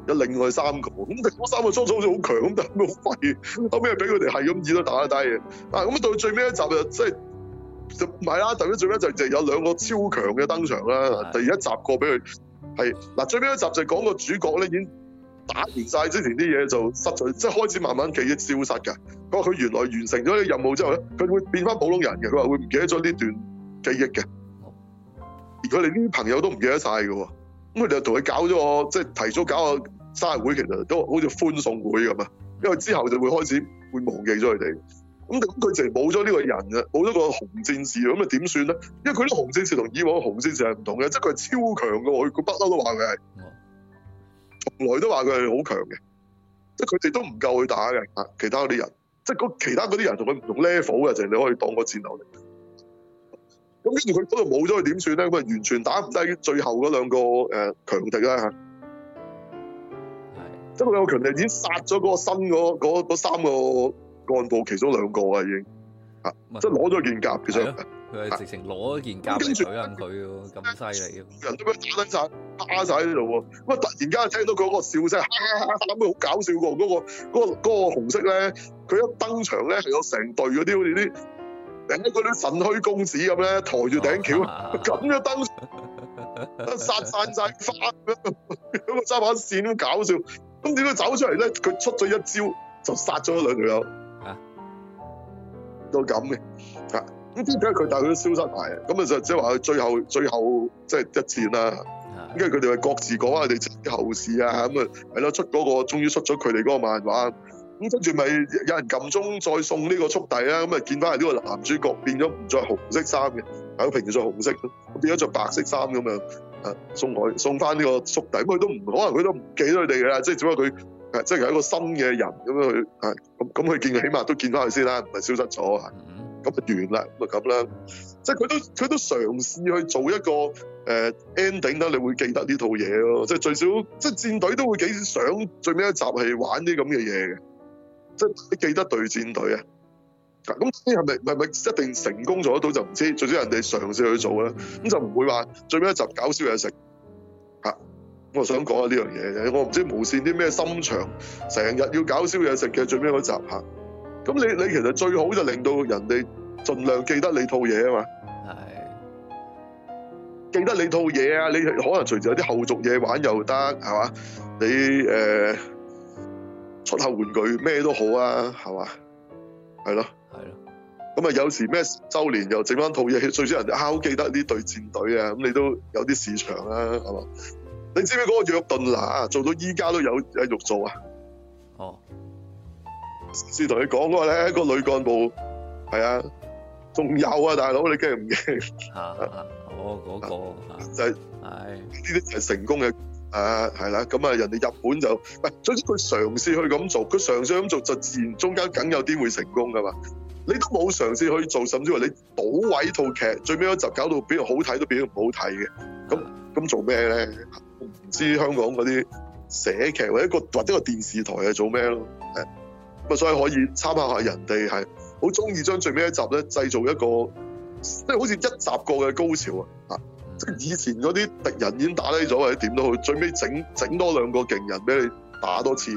有另外三個，咁嗰三個初初好似好強咁，但係、嗯、後尾好廢，後尾又俾佢哋係咁易都打低。嗱，咁、啊、到最尾一集，就係、一集就，即係唔係啦，特尾最尾一集就有兩個超強嘅登場啦。嗯、第一集過俾佢，係嗱、啊、最尾一集就講個主角咧已經。打完晒之前啲嘢就失咗，即係開始慢慢記憶消失㗎。佢話佢原來完成咗呢個任務之後咧，佢會變翻普通人嘅。佢話會唔記得咗呢段記憶嘅。而佢哋啲朋友都唔記得晒㗎。咁佢哋就同佢搞咗個即係提早搞個生日會，其實都好似歡送會咁啊。因為之後就會開始會忘記咗佢哋。咁咁佢淨係冇咗呢個人㗎，冇咗個紅戰士咁咪點算咧？因為佢啲紅戰士同以往嘅紅戰士係唔同嘅，即係佢係超強嘅喎。佢畢孬都話佢係。從來都話佢係好強嘅，即係佢哋都唔夠佢打嘅，啊，其他嗰啲人，即係其他嗰啲人同佢唔同 level 嘅，就係你可以當個戰鬥力。咁跟住佢嗰度冇咗，佢點算咧？咁啊，完全打唔低最後嗰兩個誒強敵啦吓。的即係嗰兩個強敵已經殺咗嗰新嗰三個幹部其中兩個啊，已經吓，即係攞咗件甲的其實。佢係直情攞件膠水引佢咁犀利，著人都俾打低曬，趴曬喺度喎。突然間聽到佢嗰個笑聲，哈哈哈！諗佢好搞笑喎，嗰、那個那個嗰個嗰個那個紅色咧，佢一登場咧係有成隊嗰啲好似啲人嗰啲神虛公子咁咧，抬住頂轎咁 *laughs* 就登殺曬曬花咁樣，揸把扇咁搞笑。咁點解走出嚟咧？佢出咗一招就殺咗兩條友，都咁嘅啊！咁點解佢但係佢都消失埋？咁啊就即係話佢最後最後即係一戰啦。咁跟住佢哋話各自講翻佢哋啲後事啊。咁啊，係咯，出嗰個終於出咗佢哋嗰個漫畫。咁跟住咪有人撳鐘再送呢個速遞啦。咁啊見翻係呢個男主角變咗唔着紅色衫嘅，係平時着紅色，變咗着白色衫咁樣啊，送外送翻呢個速遞。咁佢都唔可能，佢都唔記得佢哋㗎啦。即係只不過佢係即係一個新嘅人咁樣去啊，咁咁佢見，起碼都見翻佢先啦，唔係消失咗。咁就完啦，咁就咁啦。即係佢都佢都嘗試去做一個誒、呃、ending 啦，你會記得呢套嘢咯、哦。即係最少，即係戰隊都會幾想最尾一集係玩啲咁嘅嘢嘅。即係你記得隊戰隊啊。咁呢係咪係咪一定成功做得到就唔知？最少人哋嘗試去做啦。咁就唔會話最尾一集搞宵嘢食嚇。我想講下呢樣嘢啫。我唔知無線啲咩心腸，成日要搞宵嘢食嘅最尾一集嚇。啊咁你你其實最好就令到人哋盡量記得你套嘢啊嘛，係記得你套嘢啊，你可能隨住有啲後續嘢玩又得係嘛，你誒、呃、出口玩具咩都好啊係嘛，係咯，係咯，咁啊的有時咩週年又整翻套嘢，最少人啊好記得啲對戰隊啊，咁你都有啲市場啊，係嘛，你知唔知嗰個約頓拿做到依家都有有肉做啊？哦。先同你講嗰個咧，呢嗰個女幹部係啊，仲有啊，大佬你驚唔驚？啊，我嗰個就係呢啲係成功嘅，啊係啦，咁啊人哋日本就，唔總之佢嘗試去咁做，佢嘗試咁做就自然中間梗有啲會成功噶嘛。你都冇嘗試去做，甚至話你倒位套劇，最尾一集搞到變咗好睇都變咗唔好睇嘅。咁咁做咩咧？唔知香港嗰啲寫劇或者一個或者一個電視台係做咩咯？所以可以參考下人哋係好中意將最尾一集咧製造一個，即係好似一集過嘅高潮啊！即係、就是、以前嗰啲敵人已經打低咗或者點都好，最尾整整多兩個勁人俾你打多次。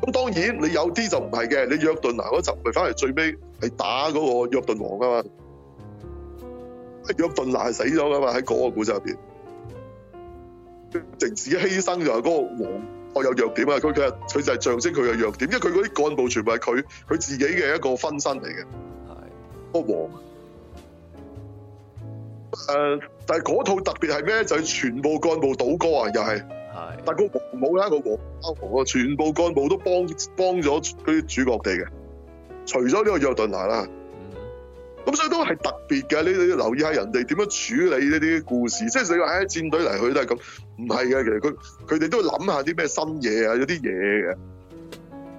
咁當然你有啲就唔係嘅，你約頓拿嗰集咪翻嚟最尾係打嗰個約頓王噶嘛？約頓拿係死咗噶嘛？喺嗰個故仔入邊，淨止犧牲就係嗰個王。我、哦、有弱點啊！佢其佢就係象徵佢嘅弱點，因為佢嗰啲幹部全部係佢佢自己嘅一個分身嚟嘅。不的王，誒、呃，但係嗰套特別係咩？就係、是、全部幹部倒戈啊！又係，的但個王冇啦，那個王包、那個、王啊！全部幹部都幫幫咗嗰啲主角哋嘅，除咗呢個約頓拿啦。咁所以都係特別嘅，你要留意下人哋點樣處理呢啲故事，即係你話誒戰隊嚟去都係咁，唔係嘅，其實佢佢哋都諗下啲咩新嘢啊，有啲嘢嘅。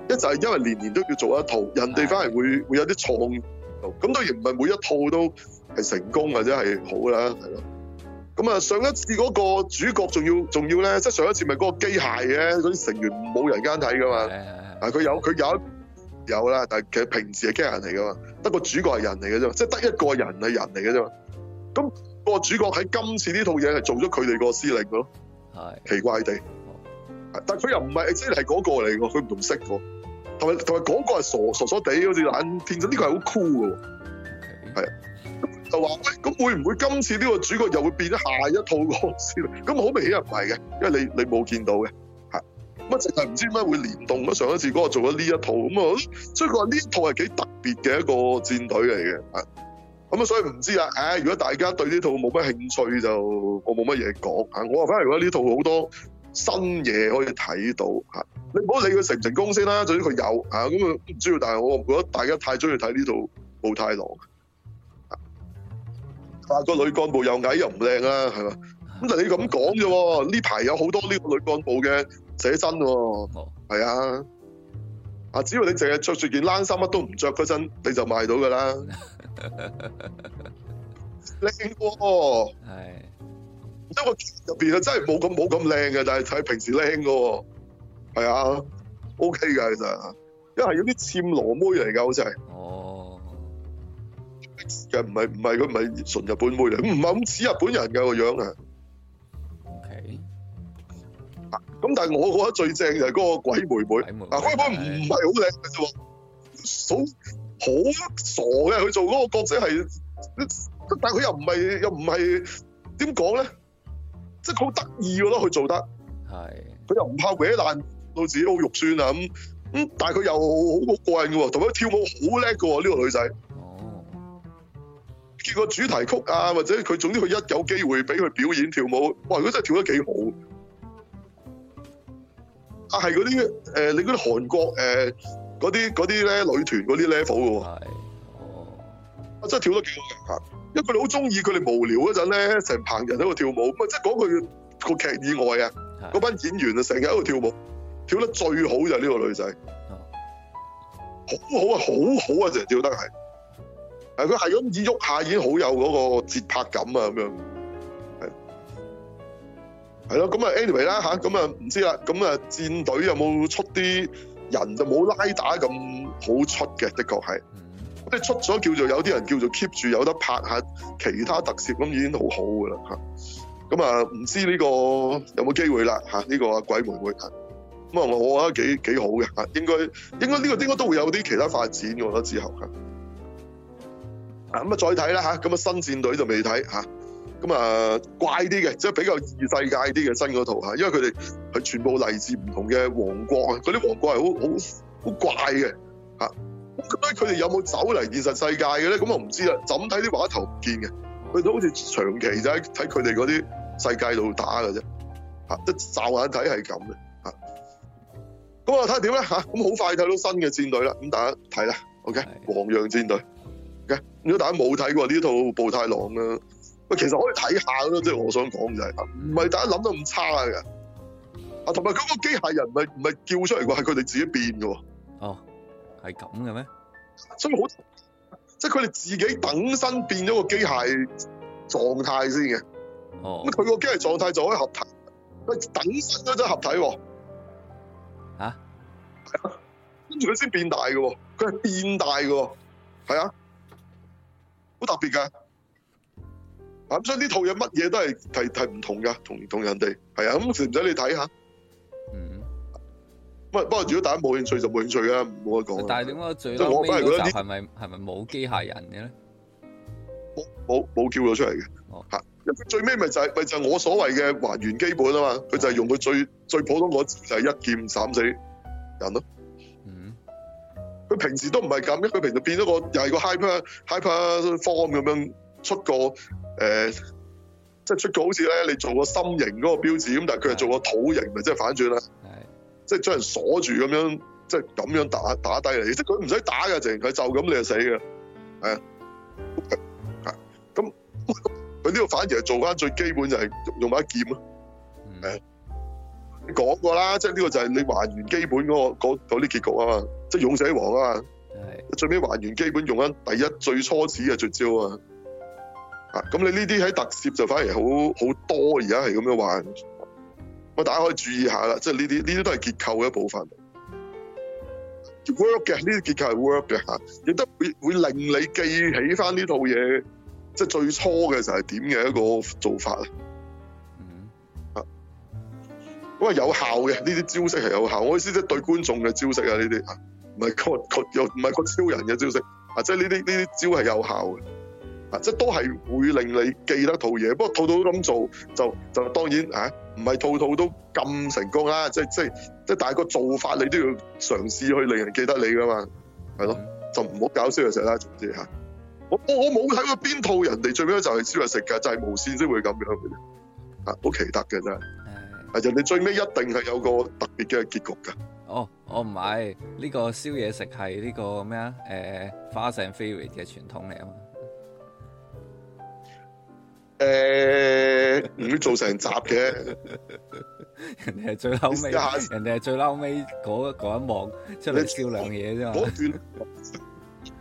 一就係因為年年都要做一套，人哋反而會會有啲創造，咁當然唔係每一套都係成功或者係好啦，係咯。咁啊，上一次嗰個主角仲要仲要咧，即係上一次咪嗰個機械嘅，嗰啲成員冇人間睇㗎嘛，的但佢有佢有。有啦，但係其實平時係機人嚟噶嘛，得個,、那個主角係人嚟嘅啫，即係得一個人係人嚟嘅啫。咁個主角喺今次呢套嘢係做咗佢哋個司令咯，係奇怪地，但係佢又唔係即係係嗰個嚟喎，佢唔同識喎，同埋同埋嗰個係傻傻傻地，好似眼天神，呢、嗯、個係好 cool 嘅，係啊的，就話喂，咁、欸、會唔會今次呢個主角又會變咗下一套個司令？咁好明顯唔係嘅，因為你你冇見到嘅。乜淨係唔知咩會連動？咁上一次嗰個做咗呢一套，咁啊，所以佢話呢套係幾特別嘅一個戰隊嚟嘅，咁啊，所以唔知啊。唉，如果大家對呢套冇乜興趣，就我冇乜嘢講。啊，我啊反而覺得呢套好多新嘢可以睇到。嚇，你唔好理佢成唔成功先啦。總之佢有啊，咁啊唔知要但係我唔覺得大家太中意睇呢套《暴太郎》。啊，個女幹部又矮又唔靚啦，係嘛？咁就你咁講啫喎，呢排有好多呢個女幹部嘅。寫真喎、哦，係、哦、啊，啊只要你淨係着住件冷衫乜都唔着嗰陣，你就賣到噶啦，靚喎、 *laughs* 哦，係是，因為入邊啊真係冇咁冇咁靚嘅，但係睇平時靚嘅、哦，係啊，OK 㗎其實，因為係有啲暹羅妹嚟㗎，好似係，哦，唔係唔係佢唔係純日本妹嚟，唔係咁似日本人嘅個樣啊。咁但係我覺得最正就係嗰個鬼妹妹。嗱，鬼妹妹唔係好靚嘅啫好傻嘅。佢做嗰個角色係，但係佢又唔係又唔係點講咧？即係好得意個咯，佢、就是、做得。係的。佢又唔怕鬼，爛到自己好肉酸啊咁咁，但係佢又好過癮嘅喎，同佢跳舞好叻嘅喎呢個女仔。哦。結個主題曲啊，或者佢總之佢一有機會俾佢表演跳舞，哇！佢真係跳得幾好。係嗰啲誒，你嗰啲韓國誒嗰啲啲咧女團嗰啲 level 嘅喎，哦，真係跳得幾好嘅，因為佢哋好中意佢哋無聊嗰陣咧，成棚人喺度跳舞，咁啊即係講佢個劇以外啊，嗰是班演員啊成日喺度跳舞，跳得最好就係呢個女仔，哦、好好啊，好好啊，成日跳得係，誒佢係咁以喐下已經好有嗰個節拍感啊咁。係咯，咁啊，anyway 啦吓，咁啊唔知啦，咁啊戰隊有冇出啲人就冇拉打咁好出嘅，的確係。即係出咗叫做有啲人叫做 keep 住有得拍下其他特攝，咁已經好好噶啦吓，咁啊唔知呢個有冇機會啦吓，呢個啊鬼妹妹。咁啊我覺得幾幾好嘅、啊，應該應該呢個應該都會有啲其他發展，我覺得之後啊咁啊再睇啦吓，咁啊新戰隊就未睇吓咁啊，怪啲嘅，即係比較異世界啲嘅新嗰套吓，因為佢哋係全部嚟自唔同嘅王國啊，嗰啲王國係好好好怪嘅吓。咁佢哋有冇走嚟現實世界嘅咧？咁我唔知啦，就咁睇啲畫頭唔見嘅，佢都好似長期就喺睇佢哋嗰啲世界度打嘅啫，吓，即驟眼睇係咁嘅吓。咁啊睇下點啦吓，咁好快睇到新嘅戰隊啦，咁大家睇啦，OK，王樣戰隊，嘅如果大家冇睇過呢套《暴太郎》。啊。是喂，其實可以睇下咯，即係我想講就係，唔係大家諗得咁差嘅。啊，同埋嗰個機械人唔係唔係叫出嚟嘅，係佢哋自己變嘅。哦，係咁嘅咩？所以好，即係佢哋自己等身變咗個機械狀態先嘅。哦。咁佢個機械狀態就可以合體，佢等身嗰陣合體喎。吓、啊？跟住佢先變大嘅，佢係變大嘅，係啊，好特別嘅。咁、嗯、所以呢套嘢乜嘢都係係係唔同噶，同同人哋係啊！咁唔使你睇下，嗯，唔不，不過如果大家冇興趣就冇興趣啦，唔好再講。但係點解我反而覺得係咪係咪冇機械人嘅咧？冇冇冇叫到出嚟嘅，吓、哦！最尾咪就係、是、咪就係、是、我所謂嘅還原基本啊嘛，佢就係用佢最、嗯、最普通個招就係一劍斬死人咯。嗯，佢平時都唔係咁嘅，佢平時變咗個又係個 hyper hyper form 咁樣出個。誒、欸，即係出個好似咧，你做個心形嗰個標誌咁，但係佢係做個土形，咪即係反轉啦。係的，即係將人鎖住咁樣，即係咁樣打打低嚟。即係佢唔使打嘅，淨係佢就咁你就死嘅。係啊，係。咁佢呢個反而係做翻最基本就係用，就係用用埋劍咯。係啊、嗯，講過啦，即係呢個就係你還原基本嗰啲、那個那個、結局啊嘛，即係勇者王啊。係的。最尾還原基本用翻第一最初始嘅絕招啊！咁你呢啲喺特攝就反而好好多，而家係咁樣玩。我大家可以注意下啦，即係呢啲呢啲都係結構嘅一部分。work 嘅呢啲結構係 work 嘅吓，亦都會會令你記起翻呢套嘢，即係最初嘅就係點嘅一個做法。啊、mm，因為 hmm. 有效嘅呢啲招式係有效。我意思即係對觀眾嘅招式啊，呢啲啊，唔係個又唔係個超人嘅招式啊，即係呢啲呢啲招係有效嘅。即係都係會令你記得套嘢，不過套套都咁做就就當然吓，唔係套套都咁成功啦。即係即係即係，但係個做法你都要嘗試去令人記得你噶嘛，係咯，嗯、就唔好搞宵夜食啦，總之吓。我我冇睇過邊套人哋最尾就係宵夜食噶，就係無線先會咁樣嘅，啊，好、就是啊、奇特嘅真係。啊嗯、人哋最尾一定係有個特別嘅結局噶。哦，我唔係呢個宵夜食係呢、這個咩啊？誒、呃，花生 Favorite 嘅傳統嚟啊嘛。誒，唔會、欸、做成集嘅，人哋係最後尾，一下人哋係最嬲尾嗰嗰一望，出、欸、 *laughs* 你燒兩嘢啫嘛。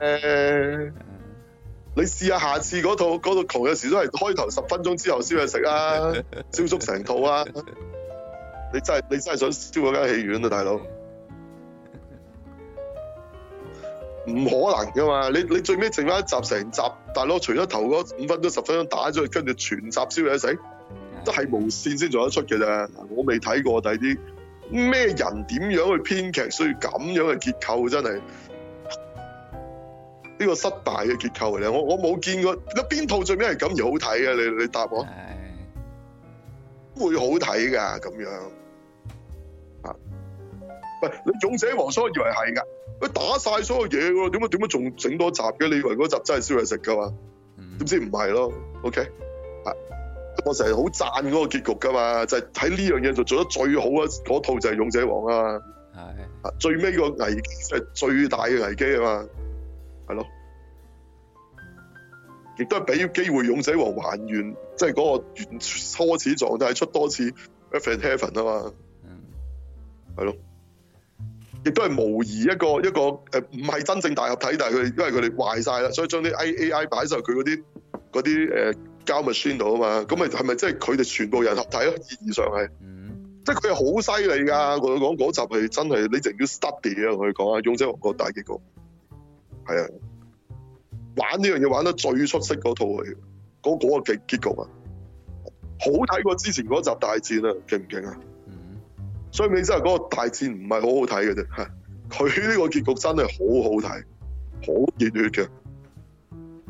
誒，你試下下次嗰套嗰套，窮嘅時都係開頭十分鐘之後先去食啊，燒足成套啊。你真係你真係想燒嗰間戲院啊，大佬。唔可能噶嘛！你你最尾剩翻一集，成集，大佬除咗頭嗰五分鐘、十分鐘打咗去，跟住全集燒嘢食，的都係無線先做得出嘅咋！我未睇過第啲咩人點樣去編劇，需要咁樣嘅結構，真係呢個失敗嘅結構嚟。我我冇見過，邊套最尾係咁而好睇啊！你你答我，的會好睇噶咁樣啊？喂，你總寫王蘇以為係㗎。佢打晒所有嘢嘅，點解點解仲整多集嘅？你以為嗰集真係燒嚟食嘅嘛？點、嗯、知唔係咯？OK，啊，我成日好讚嗰個結局嘅嘛，就係睇呢樣嘢就做得最好啊！嗰套就係《勇者王嘛》啊，係最尾個危即最大嘅危機啊嘛，係咯，亦都係俾機會《勇者王》還原，即係嗰個完全初始狀態出多次、F《Eternal Heaven》啊嘛，嗯，係咯。亦都係模擬一個一個誒，唔係真正大合體，但係佢因為佢哋壞晒啦，所以將啲 A.I. 擺曬佢嗰啲嗰啲誒膠物身度啊嘛，咁咪係咪即係佢哋全部人合體咯？意義上係，嗯、即係佢係好犀利㗎。我講嗰集係真係，你只要 Study 啊，我哋講啊，勇者王國大結局係啊，玩呢樣嘢玩得最出色嗰套嚟，嗰、那、嗰個結局啊，好睇過之前嗰集大戰啊，勁唔勁啊？所以你真係嗰個大戰唔係好好睇嘅啫，佢呢個結局真係好好睇，好熱血嘅。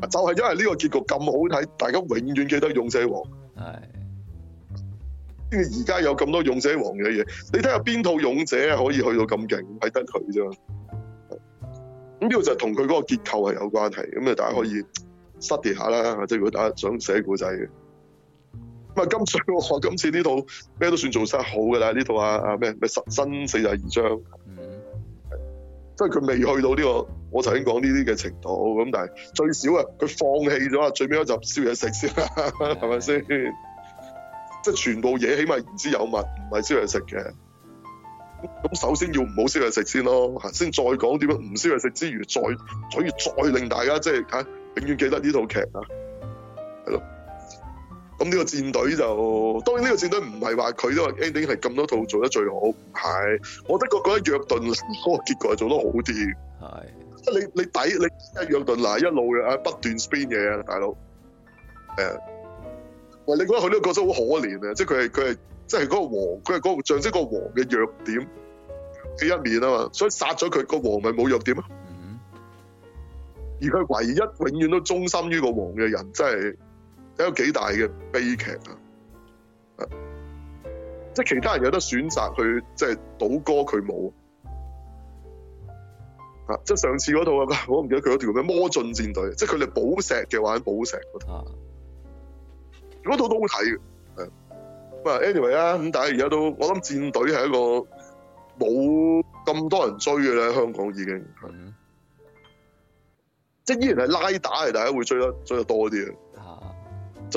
就係因為呢個結局咁好睇，大家永遠記得勇者王。係的。而家有咁多勇者王嘅嘢，你睇下邊套勇者可以去到咁勁，係得佢啫嘛。咁呢個就同佢嗰個結構係有關係，咁啊大家可以 study 下啦，即係如果大家想寫故仔嘅。今次我話今次呢套咩都算做得好嘅啦，呢套啊咩咩十新四十二章，即係佢未去到呢、呢個，我頭先講呢啲嘅程度，咁但係最少啊，佢放棄咗啊，最尾一集燒嘢食先啦，係咪先？即係、嗯、全部嘢起碼言之有物，唔係燒嘢食嘅。咁首先要唔好燒嘢食先咯，先再講點樣唔燒嘢食之餘，再所以再令大家即係、吓啊、永遠記得呢套劇啊，係咯。呢個戰隊就當然呢個戰隊唔係話佢都 ending 係咁多套做得最好，唔係，我的個覺得約頓嗰個結果係做得好啲，係，即係你你抵你約頓嗱一路嘅不斷 spin 嘢啊，大佬，誒，喂，你覺得佢呢個角色好可憐啊？即係佢係佢係即係嗰個王，佢係嗰個象徵個王嘅弱點嘅一面啊嘛，所以殺咗佢個王咪冇弱點咯，嗯，而佢唯一永遠都忠心於個王嘅人，真係。有一個幾大嘅悲劇啊！即係其他人有得選擇去，即係賭歌佢冇啊！即係上次嗰套啊，我唔記得佢嗰條咩魔進戰隊，即係佢哋寶石嘅或者寶石嗰套。都好睇嘅。咁啊，anyway 啊，咁但係而家都我諗戰隊係一個冇咁多人追嘅啦，香港已經。嗯、即係依然係拉打係大家會追得追得多啲嘅。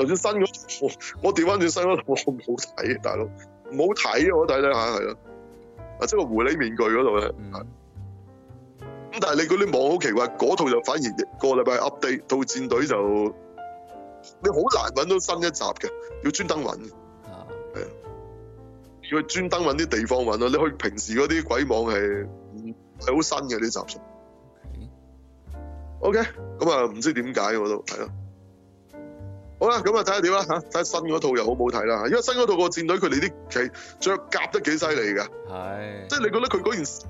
就算新嗰套，我調翻轉新嗰套，我冇睇，大佬，唔好睇啊！我睇睇下，係咯，啊，即係個狐狸面具嗰度咧。咁但係你嗰啲網好奇怪，嗰套就反而個禮拜 update，到戰隊，就你好難揾到新一集嘅，要專登揾，係啊，要專登揾啲地方揾咯。你去平時嗰啲鬼網係係好新嘅啲集數。嗯、OK，咁啊，唔知點解我都係咯。好啦，咁啊睇下點啦嚇，睇下新嗰套又好唔好睇啦？因為新嗰套個戰隊佢哋啲其實著甲得幾犀利噶，係的即係你覺得佢嗰件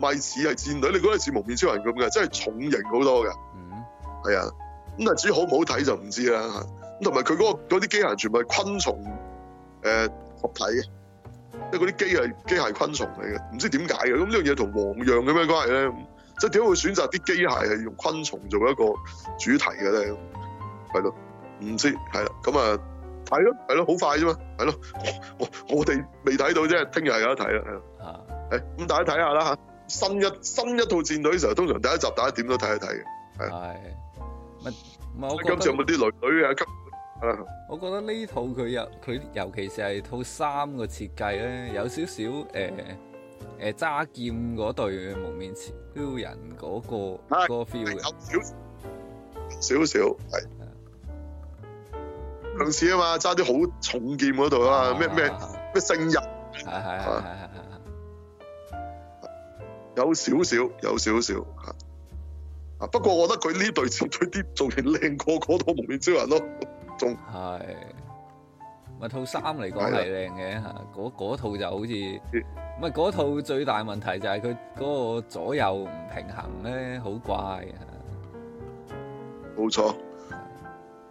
咪似係戰隊，你覺得似蒙面超人咁嘅，即係重型好多嘅，嗯，係啊，咁啊至於好唔好睇就唔知啦嚇，咁同埋佢嗰啲機械全部係昆蟲誒、呃、合體嘅，即係嗰啲機械機械昆蟲嚟嘅，唔知點解嘅，咁呢樣嘢同黃楊有咩關係咧？即係點解會選擇啲機械係用昆蟲做一個主題嘅咧？係咯。唔知係啦，咁啊睇咯，係咯，好快啫嘛，係咯，我哋未睇到啫，聽日係啦睇啦，係啦，誒、啊，咁大家睇下啦吓，新一新一套戰隊時候，通常第一集大家點都睇一睇嘅，係。咁，今次有冇啲女女啊？啊，我覺得呢套佢有佢，佢尤其是係套衫嘅設計咧，有少少誒誒，揸劍嗰隊蒙面超人嗰、嗰個 feel 嘅少少，少少係。強士啊嘛，揸啲好重劍嗰度啊咩咩咩聖人，係係係係係，有少少有少少啊，不過我覺得佢呢對字佢啲造型靚過嗰套蒙面超人咯，仲係咪套衫嚟講係靚嘅吓，嗰套就好似唔係嗰套最大問題就係佢嗰個左右唔平衡咧，好怪啊，冇錯。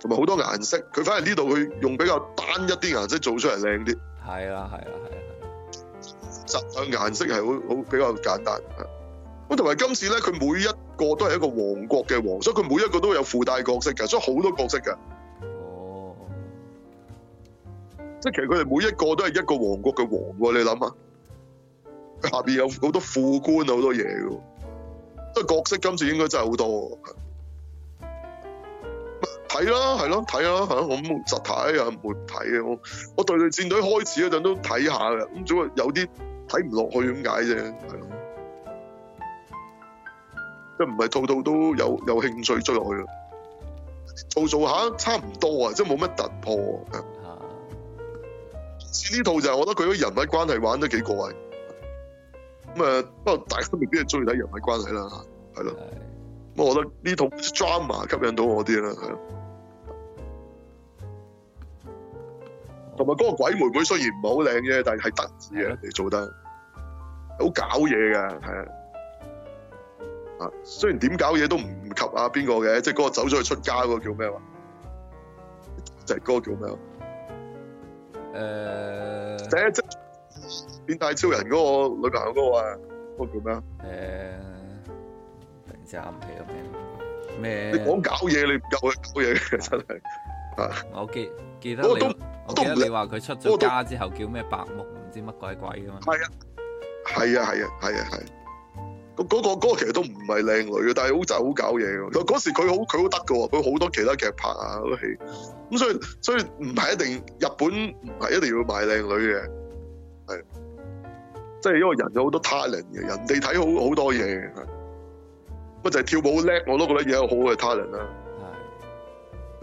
同埋好多顏色，佢反而呢度佢用比較單一啲顏色做出嚟靚啲。係啦，係啦，係啦，實嘅顏色係好好比較簡單。咁同埋今次咧，佢每一個都係一個王國嘅王，所以佢每一個都有附帶角色嘅，所以好多角色嘅。哦，即係其實佢哋每一個都係一個王國嘅王喎，你諗下，下邊有好多副官好多嘢嘅，都係角色。今次應該真係好多。睇啦，係咯，睇啦，係咯，我咁實睇啊，唔會睇嘅我，我隊列戰隊開始嗰陣都睇下嘅，咁總係有啲睇唔落去咁解啫，係咯，即係唔係套套都有有興趣追落去啦，做做下差唔多沒什麼啊，即係冇乜突破。呢套就係我覺得佢啲人物關係玩得幾過位，咁誒，不過大家未必係中意睇人物關係啦，係咯，咁的我覺得呢套 drama 吸引到我啲啦，係。同埋嗰個鬼妹妹雖然唔係好靚啫，但係係得意嘅，你的做得好搞嘢嘅，係啊！啊，雖然點搞嘢都唔及阿邊個嘅，即係嗰個走咗去出家嗰、就係、個叫咩話？呃、就係嗰個叫咩？誒誒，即變態超人嗰、嗰個女郎嗰、嗰個啊？嗰、嗰個叫咩啊？誒、呃，突然之間諗唔起個名。咩？你講搞嘢你唔夠佢搞嘢真係啊！我見不。 *laughs* 記得你，都記得你話佢出咗家之後叫咩白木，唔都知乜鬼鬼咁。係啊，係啊，係啊，係啊，係啊。咁嗰個嗰個其實都唔係靚女嘅，但係好就好搞嘢嘅。嗰時佢好佢好得嘅喎，佢好多其他劇拍啊，好多戲。咁所以所以唔係一定日本唔係一定要賣靚女嘅，係。即係因為人有好多 talent 嘅，人哋睇好好多嘢。不過就係跳舞叻，我都覺得已經係好嘅 talent 啦。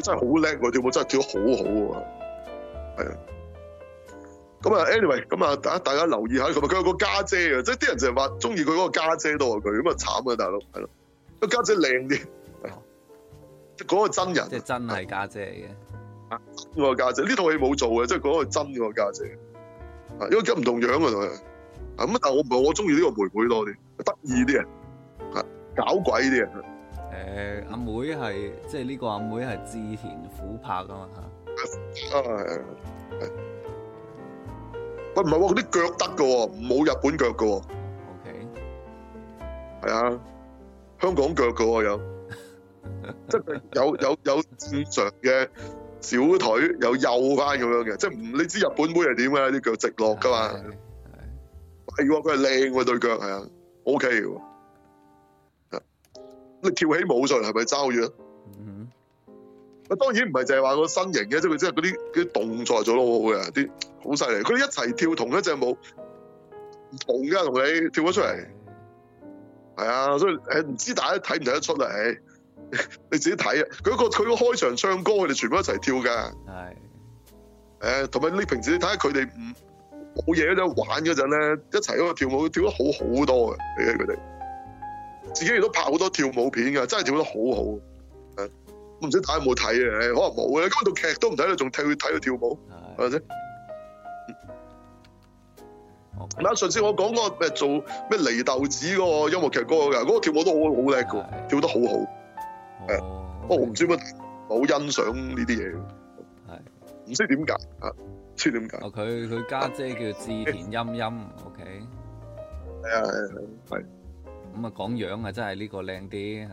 真係好叻喎，跳舞真係跳得好好喎，係啊。咁啊，anyway，咁啊，啊大家留意下，同埋佢有個家姐啊，即係啲人成日話中意佢嗰個家姐多過佢，咁啊慘啊，大佬，係咯，個家姐靚啲，嗰個真人，即係真係家姐嘅，真、啊嗰個家姐，呢套戲冇做嘅，即係嗰個真個家姐、啊，因為咁唔同樣啊，同埋咁啊，但我唔係我中意呢個妹妹多啲，得意啲啊，搞鬼啲啊。誒，阿、呃、妹係即係呢個阿妹係志田虎拍噶嘛吓？喂、啊，唔係喎，啲腳得噶喎，冇日本腳噶喎。O K，係啊，香港腳噶喎有， *laughs* 即係有有有正常嘅小腿有幼翻咁樣嘅，即係唔你知日本妹係點噶？啲腳直落噶嘛。係，但係如果佢係靚喎對腳，係啊，O K 嘅。你跳起舞上嚟係咪爭好遠啊？啊、mm hmm。當然唔係淨係話個身形嘅，即佢即係嗰啲啲動作做得好好嘅，啲好犀利。佢哋一齊跳同一隻舞，唔同嘅同你跳咗出嚟。係、mm hmm。啊，所以誒唔知，大家睇唔睇得出嚟、啊？你自己睇啊！佢個佢個開場唱歌，佢哋全部一齊跳噶。係、mm。誒，同埋你平時睇下佢哋唔冇嘢嗰陣玩嗰陣咧，一齊喺度跳舞，跳得好好多嘅，你睇佢哋。自己亦都拍好多跳舞片嘅，真係跳得好好，啊！唔知睇冇睇啊？可能冇嘅，咁做劇都唔睇，仲睇佢睇佢跳舞，係咪先？嗱的，Okay. 上次我講嗰個誒做咩梨豆子嗰個音樂劇哥嘅，嗰、嗰個跳舞都好好叻嘅，的的跳得好好，誒、oh, okay.，我唔的知乜好欣賞呢啲嘢，係唔的知點解啊？Okay. 知點解？佢佢家姐叫志田音音，OK？係啊 Okay.，係，係。咁啊，講樣啊，真係呢個靚啲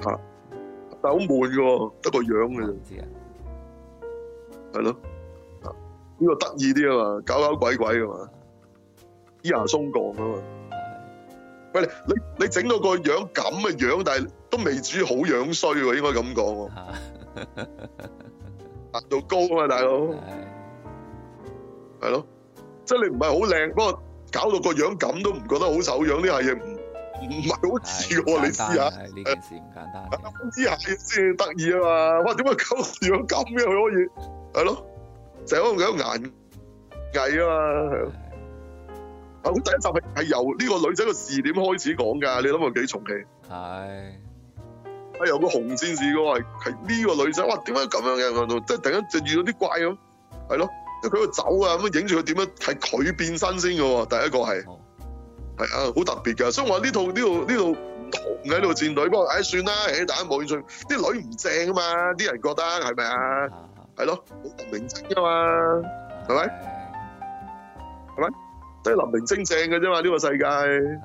吓，但係好悶噶，得個樣噶咋？唔知啊，係咯，呢個得意啲啊嘛，搞搞鬼鬼噶嘛，啲人鬆降噶嘛。喂，你你整到個樣咁嘅樣，但係都未至於好樣衰喎，應該咁講。難度高啊嘛，大佬，係咯，即係你唔係好靚，不過。搞到個樣咁都唔覺得好醜，樣啲係嘢唔唔係好似喎，你試下。呢件事唔簡單。試下先得意啊嘛！哇，點解搞到樣咁嘅佢可以？係咯，成個幾個眼藝啊嘛！啊，咁第一集係係由呢個女仔嘅視點開始講㗎，你諗下幾重氣？係係由個紅戰士嘅話係呢個女仔，哇！點解咁樣嘅？即係突然間就遇到啲怪咁，係咯。佢喺度走啊，咁樣影住佢點樣？係佢變身先嘅喎，第一個係，係啊，好特別嘅。所以我話呢套呢度呢度唔同嘅喺度戰隊。不過唉，算啦，唉，大家冇興趣。啲女唔正啊嘛，啲人覺得係咪啊？係咯，好男明星啊嘛，係咪？係咪？都係男明星正嘅啫嘛，呢個世界。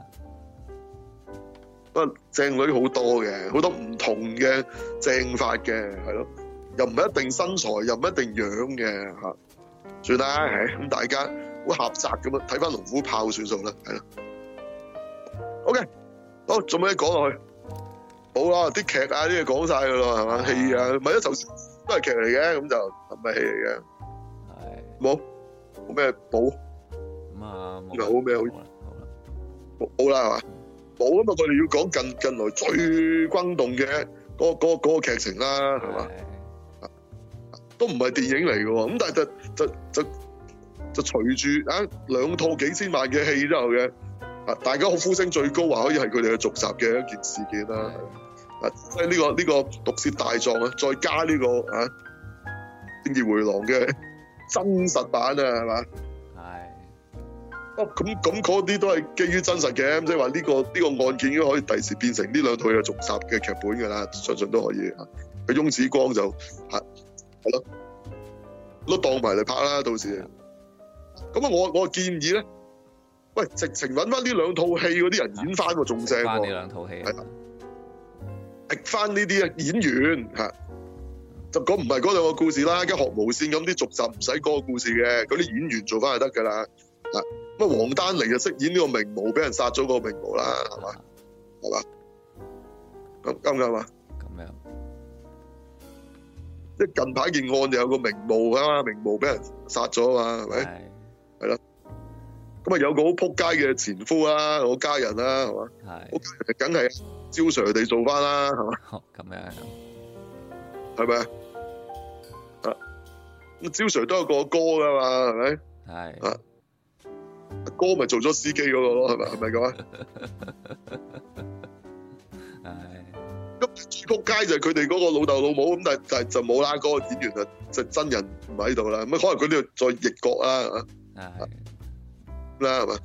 不過正女好多嘅，好多唔同嘅正法嘅，係咯，又唔一定身材，又唔一定樣嘅嚇。算啦，咁大家好狹窄咁啊！睇翻《龍虎豹》算數啦，係啦。OK，好，做咩講落去？冇啦，啲劇啊啲嘢講晒噶啦，係嘛？戲啊，唔係一就都係劇嚟嘅，咁就唔係戲嚟嘅。係冇冇咩寶咁啊？冇咩好。好啦，好啦，係嘛？寶啊嘛！我哋要講近近來最轟動嘅嗰嗰嗰個劇情啦，係嘛？都唔係電影嚟嘅喎，咁但係就就就就隨住啊兩套幾千萬嘅戲之後嘅，啊大家好呼聲最高話可以係佢哋嘅續集嘅一件事件啦。是的 啊即係呢個呢、呢個毒舌大狀啊，再加呢、呢個啊正義迴廊嘅真實版是的 啊，係嘛？係。哦咁咁嗰啲都係基於真實嘅，即係話呢個呢、呢個案件已經可以第時變成呢兩套嘅續集嘅劇本㗎啦，相信都可以。佢、啊、翁子光就嚇。啊.都當埋嚟拍啦，到時。咁啊，我我建議咧，喂，直情揾翻呢兩套戲嗰啲人演翻，個仲正的。呢兩套戲，係的。搵翻呢啲演員，吓，就講唔係嗰兩個故事啦，一學無線咁啲續集唔使嗰個故事嘅，嗰啲演員做翻就得噶啦，吓。咁啊，王丹妮就飾演呢個名模，俾人殺咗個名模啦，係嘛的，係嘛的。咁啱唔啱呀。即近排件案就有個名模噶嘛，名模俾人殺咗是啊嘛，係咪？係，係啦。咁啊有個好扑街嘅前夫啊，我家人啦、啊，係嘛？係是。梗係招 Sir 哋做翻啦、啊，係嘛呵？咁吧樣係咪啊？啊，咁招 Sir 都有個哥噶嘛，係咪？係是。啊，哥咪做咗司機嗰個咯，係咪 *laughs* 吧？係咪咁啊？咁住扑街就佢哋嗰個老豆老母咁，但係但係就冇啦，嗰、嗰個演員啊就真人唔喺度啦，咁可能佢呢度再逆角啦，咁啦係嘛，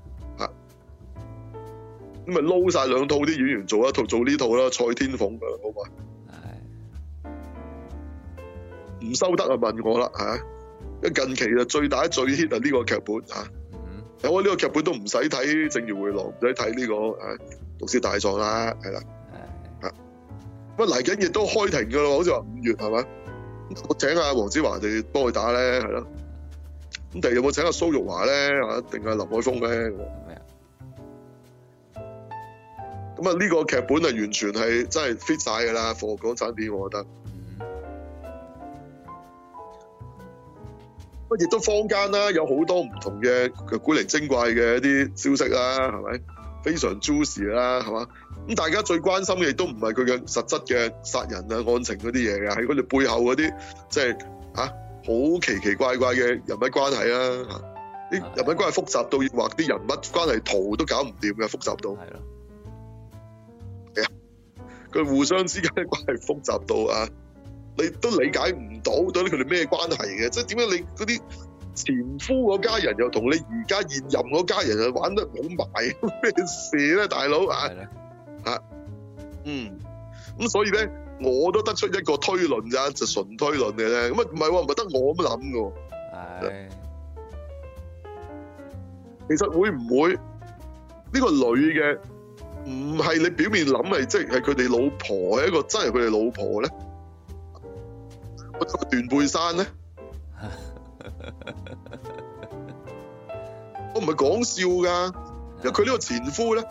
咁咪撈晒兩套啲演員做，做一套做呢套啦，蔡天鳳嘅好嘛？係，唔收得啊？問我啦吓，因為近期就最大最 hit 啊呢、嗯、個劇本吓，有我呢個劇本都唔使睇《正義迴廊》啊，唔使睇呢個誒《毒舌大狀》啦，係啦。乜嚟緊亦都開庭噶啦，好似話五月係咪？我請阿黃子華哋幫佢打咧，係咯。咁第有冇請阿蘇玉華咧？係定係林海峰咧？咁啊，呢個劇本係完全係真係 fit 晒㗎啦，for 港產片，我覺得。乜亦、嗯、都坊間啦，有好多唔同嘅古靈精怪嘅一啲消息啦，係咪？非常 juicy 啦，係嘛？咁大家最關心嘅亦都唔係佢嘅實質嘅殺人啊案情嗰啲嘢嘅，係佢哋背後嗰啲即係啊好奇奇怪怪嘅人物關係啦、啊。啲的人物關係複雜到畫啲人物關係圖都搞唔掂嘅，複雜到係啊，佢的互相之間嘅關係複雜到啊，你都理解唔到到底佢哋咩關係嘅。即係點解你嗰啲前夫嗰家人又同你而家現任嗰家人又玩得好埋咩事咧、啊，大佬啊？吓、啊，嗯，咁所以咧，我都得出一個推論咋，就純推論嘅咧。咁啊唔係話，唔係得我咁諗噶。的其實會唔會呢、這個女嘅唔係你表面諗係即係佢哋老婆，係一個真係佢哋老婆咧？我得段斷背山咧， *laughs* 我唔係講笑噶，因為佢呢個前夫咧。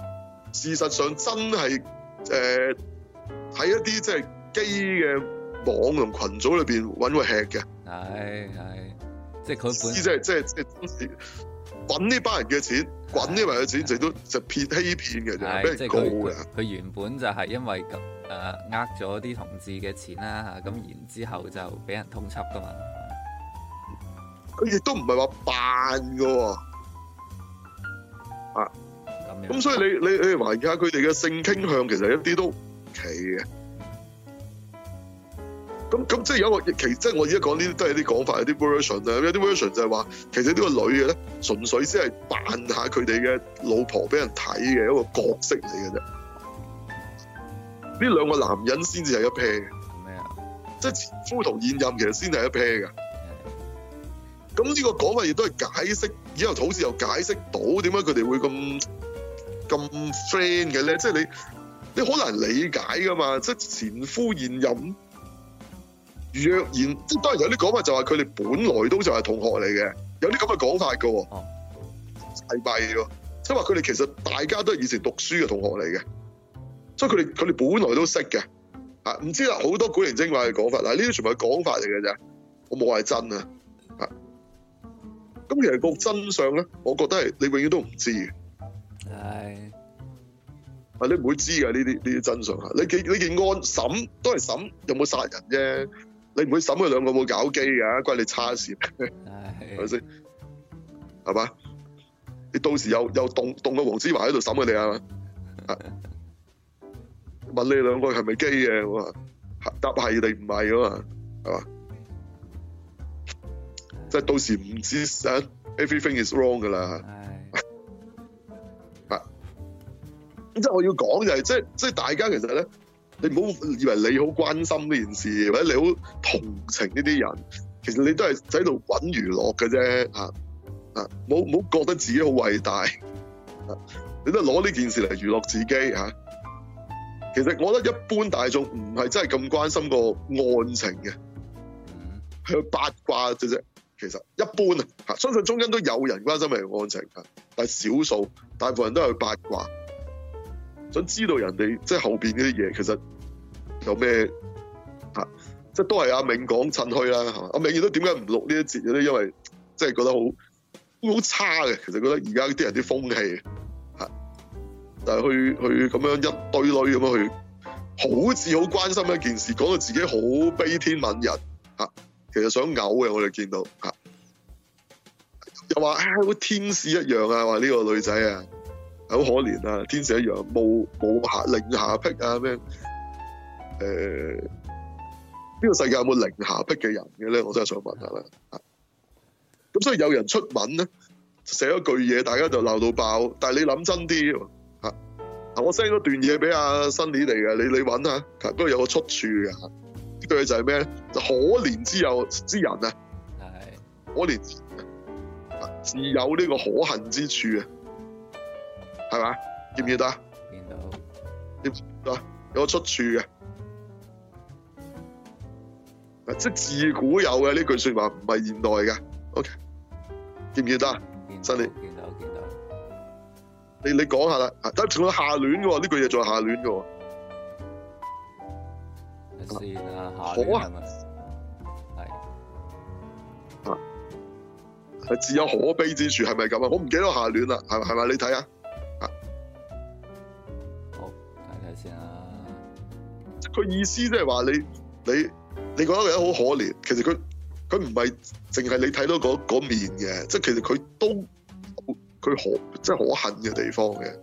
事實上真係誒，喺一啲即係基嘅網同群組裏邊揾個吃嘅，係係即係佢，即係即係即係滾呢班人嘅錢，滾呢班人嘅錢，就的都就騙欺騙嘅，就係俾人告嘅。佢原本就係因為誒呃咗啲同志嘅錢啦嚇，咁然後之後就俾人通緝噶嘛。佢亦都唔係話扮嘅喎啊！咁所以你你你哋懷疑下佢哋嘅性傾向其實一啲都唔奇嘅。咁咁即係有一個奇，即係我而家講呢啲都係啲講法，有啲 version 啊，有啲 version 就係話，其實呢個女嘅咧，純粹先係扮下佢哋嘅老婆俾人睇嘅一個角色嚟嘅啫。呢兩個男人先至係一 pair 嘅，咩啊？麼即係前夫同現任其實先係一 pair 噶。咁呢個講法亦都係解釋，以後好似又解釋到點解佢哋會咁。咁 friend 嘅咧，即係你，你好難理解噶嘛。即係前夫現任，若然即係當然有啲講法，就話佢哋本來都就係同學嚟嘅，有啲咁嘅講法噶。哦、嗯，係咪？即係話佢哋其實大家都係以前讀書嘅同學嚟嘅，所以佢哋佢哋本來都識嘅。吓，唔知啦，好多古靈精怪嘅講法，嗱呢啲全部係講法嚟嘅啫，我冇話係真啊。吓，咁其實個真相咧，我覺得係你永遠都唔知嘅。係，啊 *noise* 你唔會知噶，呢啲呢啲真相啊！你幾你件案審都係審，有冇殺人啫？你唔會審佢兩個冇搞基噶，關你叉事係咪先？係 *laughs* 嘛？ *noise* 你到時又又動動個黃子華喺度審佢哋啊嘛？ *laughs* 問你兩個係咪基嘅？答係定唔係噶嘛？係嘛？即係 *noise* 到時唔知 *noise* everything is wrong 噶啦。 *noise* 即係我要講就係，即係即係大家其實咧，你唔好以為你好關心呢件事，或者你好同情呢啲人，其實你都係喺度搵娛樂嘅啫，吓啊，唔好唔好覺得自己好偉大，你都係攞呢件事嚟娛樂自己吓。其實我覺得一般大眾唔係真係咁關心個案情嘅，係八卦啫啫。其實一般啊，相信中間都有人關心埋案情嘅，但係少數，大部分人都係八卦。想知道人哋即係後邊嗰啲嘢，其實有咩啊？即係都係阿銘講趁虛啦、啊。阿銘亦都點解唔錄呢一節咧？因為即係覺得好好差嘅。其實覺得而家啲人啲風氣啊，但、就、係、是、去去咁樣一堆女咁樣去，好似好關心一件事，講到自己好悲天憫人啊。其實的想嘔嘅，我哋見到啊，又話誒好似天使一樣啊，話呢個女仔啊。好可憐啊！天使一樣，冇冇下零下癖啊咩？誒，呢、欸這個世界有冇零下癖嘅人嘅咧？我真係想問一下啦。咁的所以有人出文咧，寫咗句嘢，大家就鬧到爆。但係你諗真啲，吓、啊，我 send 咗段嘢俾阿辛尼嚟嘅，你你搵下，不、啊、過有個出處嘅。呢、啊、句嘢就係咩咧？就係、可憐之有之人啊，的可憐、啊、自有呢個可恨之處啊！係嘛？見唔見到？見到。見得有個出處嘅，即係自古有嘅呢句說話，唔係現代嘅。O K，見唔見得？見到。新年。見到見到。你你講下啦，有下有下等住我下聯嘅喎，呢句嘢仲係下聯嘅喎。先啦，下聯。好啊。係是。啊，係自有可悲之處，係咪咁啊？我唔記得下聯啦，係係咪？你睇下。佢 Yeah. 意思即係話你你你覺得佢好可憐，其實佢佢唔係淨係你睇到嗰面嘅，即係其實佢都佢可即係可恨嘅地方嘅。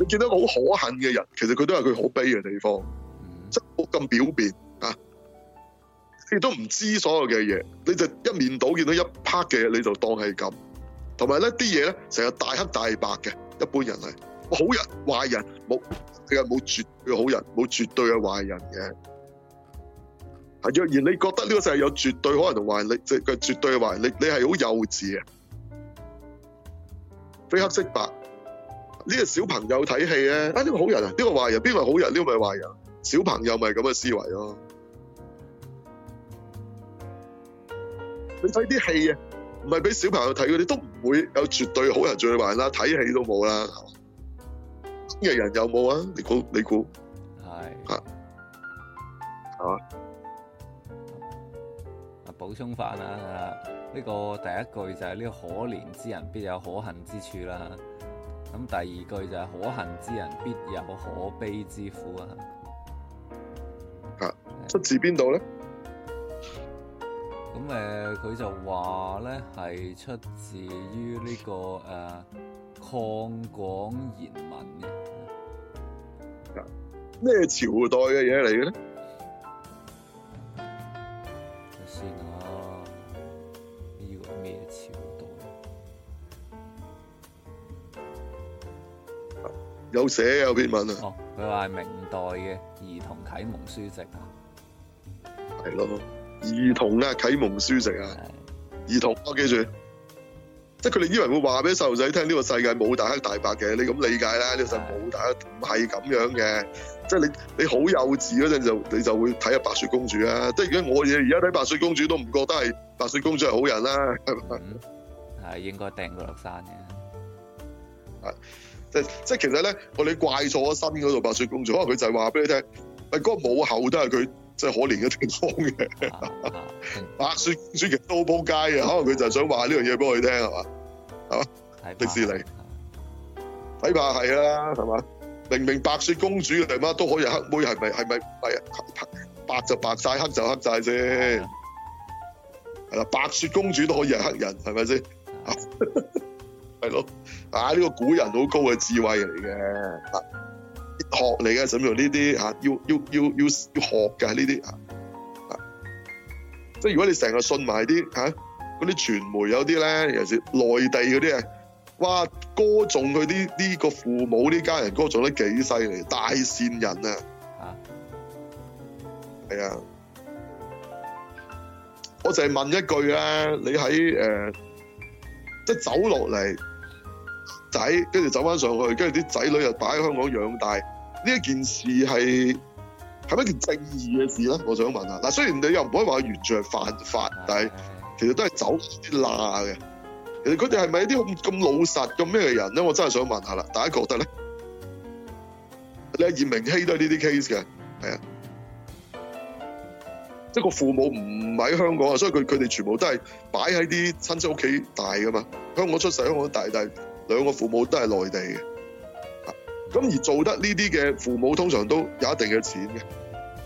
你見到好可恨嘅人，其實佢都係佢好悲嘅地方，mm. 即係冇咁表面啊，你都唔知所有嘅嘢，你就一面倒見到一 part 嘅，你就當係咁。同埋咧啲嘢咧成日大黑大白嘅，一般人係。好人壞人冇，佢又冇絕對好人冇絕對嘅壞人嘅。啊，若然你覺得呢個世界有絕對好人同壞人，你即係絕對壞人，你你係好幼稚啊！非黑色白呢個小朋友睇戲咧，啊呢個好人啊，呢個壞人，邊個係好人，呢個咪壞人。小朋友咪咁嘅思維咯。你睇啲戲啊，唔係俾小朋友睇啲都唔會有絕對好人最壞啦，睇戲都冇啦。呢個人有冇是啊？你估？你估？係，吓，啊，補充翻啦！呢個第一句就係呢個可憐之人必有可恨之處啦。咁第二句就係可恨之人必有可悲之苦啊。啊是，出自邊度咧？咁誒，佢、呃、就話咧係出自於呢、這個誒。呃增廣賢文咩、啊、朝代嘅嘢嚟嘅咧？先啊，呢個咩朝代？有寫有編文啊？哦，佢話係明代嘅兒童啟蒙書籍啊，係咯，兒童啊，啟蒙書籍啊，的兒童啊，記住。即係佢哋以為會話俾細路仔聽呢、這個世界冇大黑大白嘅，你咁理解啦。呢、這個世界冇大，唔係咁樣嘅。的即係你你好幼稚嗰陣就你就會睇下白雪公主啦、啊。即係如果我而家睇白雪公主都唔覺得係白雪公主係好人啦、啊。嗯，係 *laughs* 應該掟佢落山嘅。係即即係其實咧，我哋怪錯咗心嗰度白雪公主，可能佢就係話俾你聽，係、那、嗰個母后都係佢。真係可憐嘅地方嘅，啊嗯、白雪公主其實都好扑街嘅，啊、可能佢就係想話呢樣嘢俾我哋聽係嘛，係嘛、啊？迪士尼睇怕係啦，係嘛來吧？明明白雪公主嘅地嘛，都可以係黑妹，係咪？係咪？係白就白晒，黑就黑晒先。係啦、啊，白雪公主都可以係黑人，係咪先？係咯、啊，啊呢、呢個古人好高嘅智慧嚟嘅。啊學嚟嘅，怎樣呢啲吓？要要要要學嘅呢啲吓，即係如果你成日信埋啲吓，嗰啲傳媒有啲咧，尤其是內地嗰啲啊，哇歌頌佢啲呢個父母呢家人歌頌得幾犀利，大善人啊，係啊，啊，我淨係問一句啊，你喺誒即係走落嚟仔，跟住走翻上去，跟住啲仔女又擺喺香港養大。呢一件事係係咪一件正義嘅事咧？我想問下嗱，雖然你又唔可以話完全係犯法，但係其實都係走啲罅嘅。其實佢哋係咪一啲咁咁老實咁咩嘅人咧？我真係想問下啦，大家覺得咧？李業明熙都係呢啲 case 嘅，係啊，即係個父母唔喺香港啊，所以佢佢哋全部都係擺喺啲親戚屋企大㗎嘛。香港出世，香港大，大，但兩個父母都係內地嘅。咁而做得呢啲嘅父母，通常都有一定嘅錢嘅，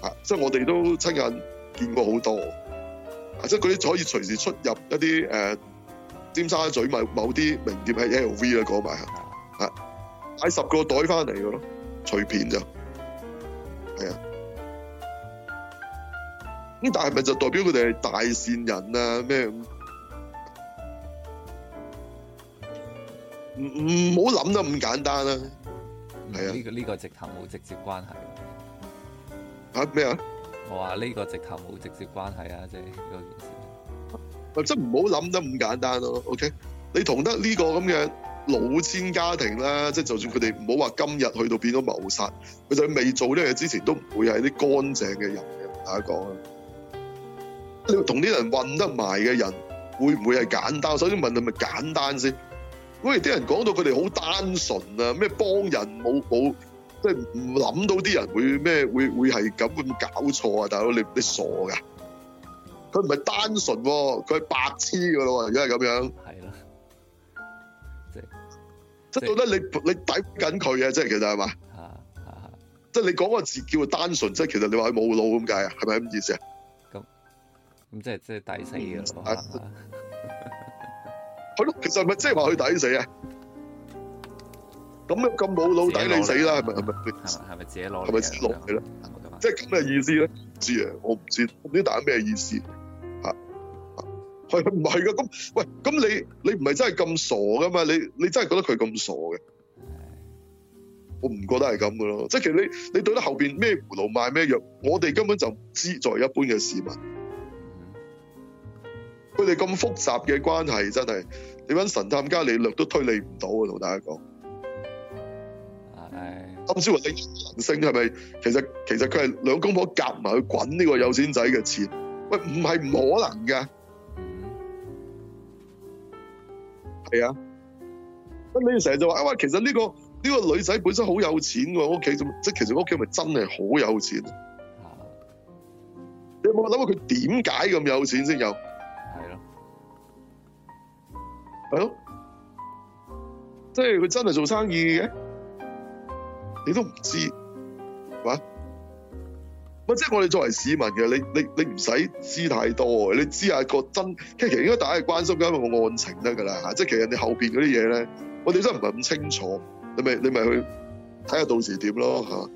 啊，即係我哋都親眼見過好多，啊，即係佢哋可以隨時出入一啲誒，呃，尖沙咀某某啲名店喺 LV 咧，啊，講埋嚇，啊，喺十個袋翻嚟嘅咯，隨便就，係啊，咁但係咪就代表佢哋係大善人啊？咩？唔唔好諗得咁簡單啦，啊～呢、嗯呢個呢、呢個直頭冇直接關係的。啊咩啊？我話呢個直頭冇直接關係啊，即係嗰件事。或即唔好諗得咁簡單咯。OK，你同得呢個咁嘅老千家庭啦，即、就、係、是、就算佢哋唔好話今日去到變咗謀殺，佢實未做呢嘢之前都唔會係啲乾淨嘅人嘅。大家講啊，你同啲人混得埋嘅人，會唔會係簡單？首先問你咪簡單先。喂，啲人講到佢哋好單純啊，咩幫人冇冇，即係唔諗到啲人會咩，會會係咁咁搞錯啊！大佬，你你傻噶？佢唔係單純，啊，佢係白痴噶咯，啊，如果係咁樣。係咯。即係即到底你、即係、你抵緊佢啊？即係其實係嘛？即係你講個字叫單純，即、就、係、係、其實你話佢冇腦咁解啊？係咪咁意思啊？咁咁、啊、即係即係抵死噶咯。啊啊 *laughs* 係咯，其實係咪即係話佢抵死啊？咁啊咁冇腦抵你死啦，係咪？係咪？係咪自己攞？係咪自己攞？係咯，即係咁嘅意思咧？唔知啊，我唔知，唔知大家咩意思啊？係唔係噶，咁喂，咁你你唔係真係咁傻噶嘛？你你真係覺得佢咁傻嘅？我唔覺得係咁噶咯，即係其實你你對得後邊咩葫蘆賣咩藥，我哋根本就唔知在一般嘅市民。佢哋咁複雜嘅關係，真係你揾神探伽利略都推理唔到啊！同大家講，唔唉知話呢啲人性係咪其實其實佢係兩公婆夾埋去滾呢個有錢仔嘅錢？喂，唔係唔可能㗎，係、嗯、啊！咁你成日就話啊，其實呢、呢個呢、呢個女仔本身好有錢㗎，屋企即係其實屋企咪真係好有錢？唉你有冇諗過佢點解咁有錢先有？係咯、哎，即係佢真係做生意嘅，你都唔知，係咪？唔即係我哋作為市民嘅，你你你唔使知太多，你知下個真。即係其實應該大家關心緊個案情得噶啦吓。即係其實你後邊嗰啲嘢咧，我哋真係唔係咁清楚。你咪你咪去睇下到時點咯吓。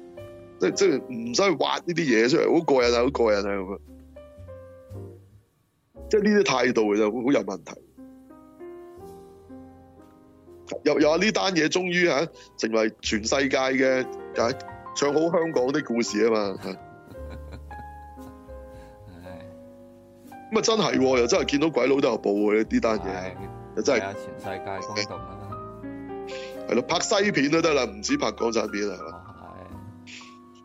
即係即係唔使去挖呢啲嘢出嚟，好過癮啊，好過癮啊咁樣。即係呢啲態度就會好好有問題。又又呢單嘢終於吓成為全世界嘅誒 *laughs* 唱好香港啲故事啊嘛，咁 *laughs* 啊，真係又真係見到鬼佬都有報嘅呢啲單嘢，又真係、 *laughs* 啊、全世界轟動啦，係 *laughs* 咯、啊、拍西片都得啦，唔止拍港產片啦，係嘛，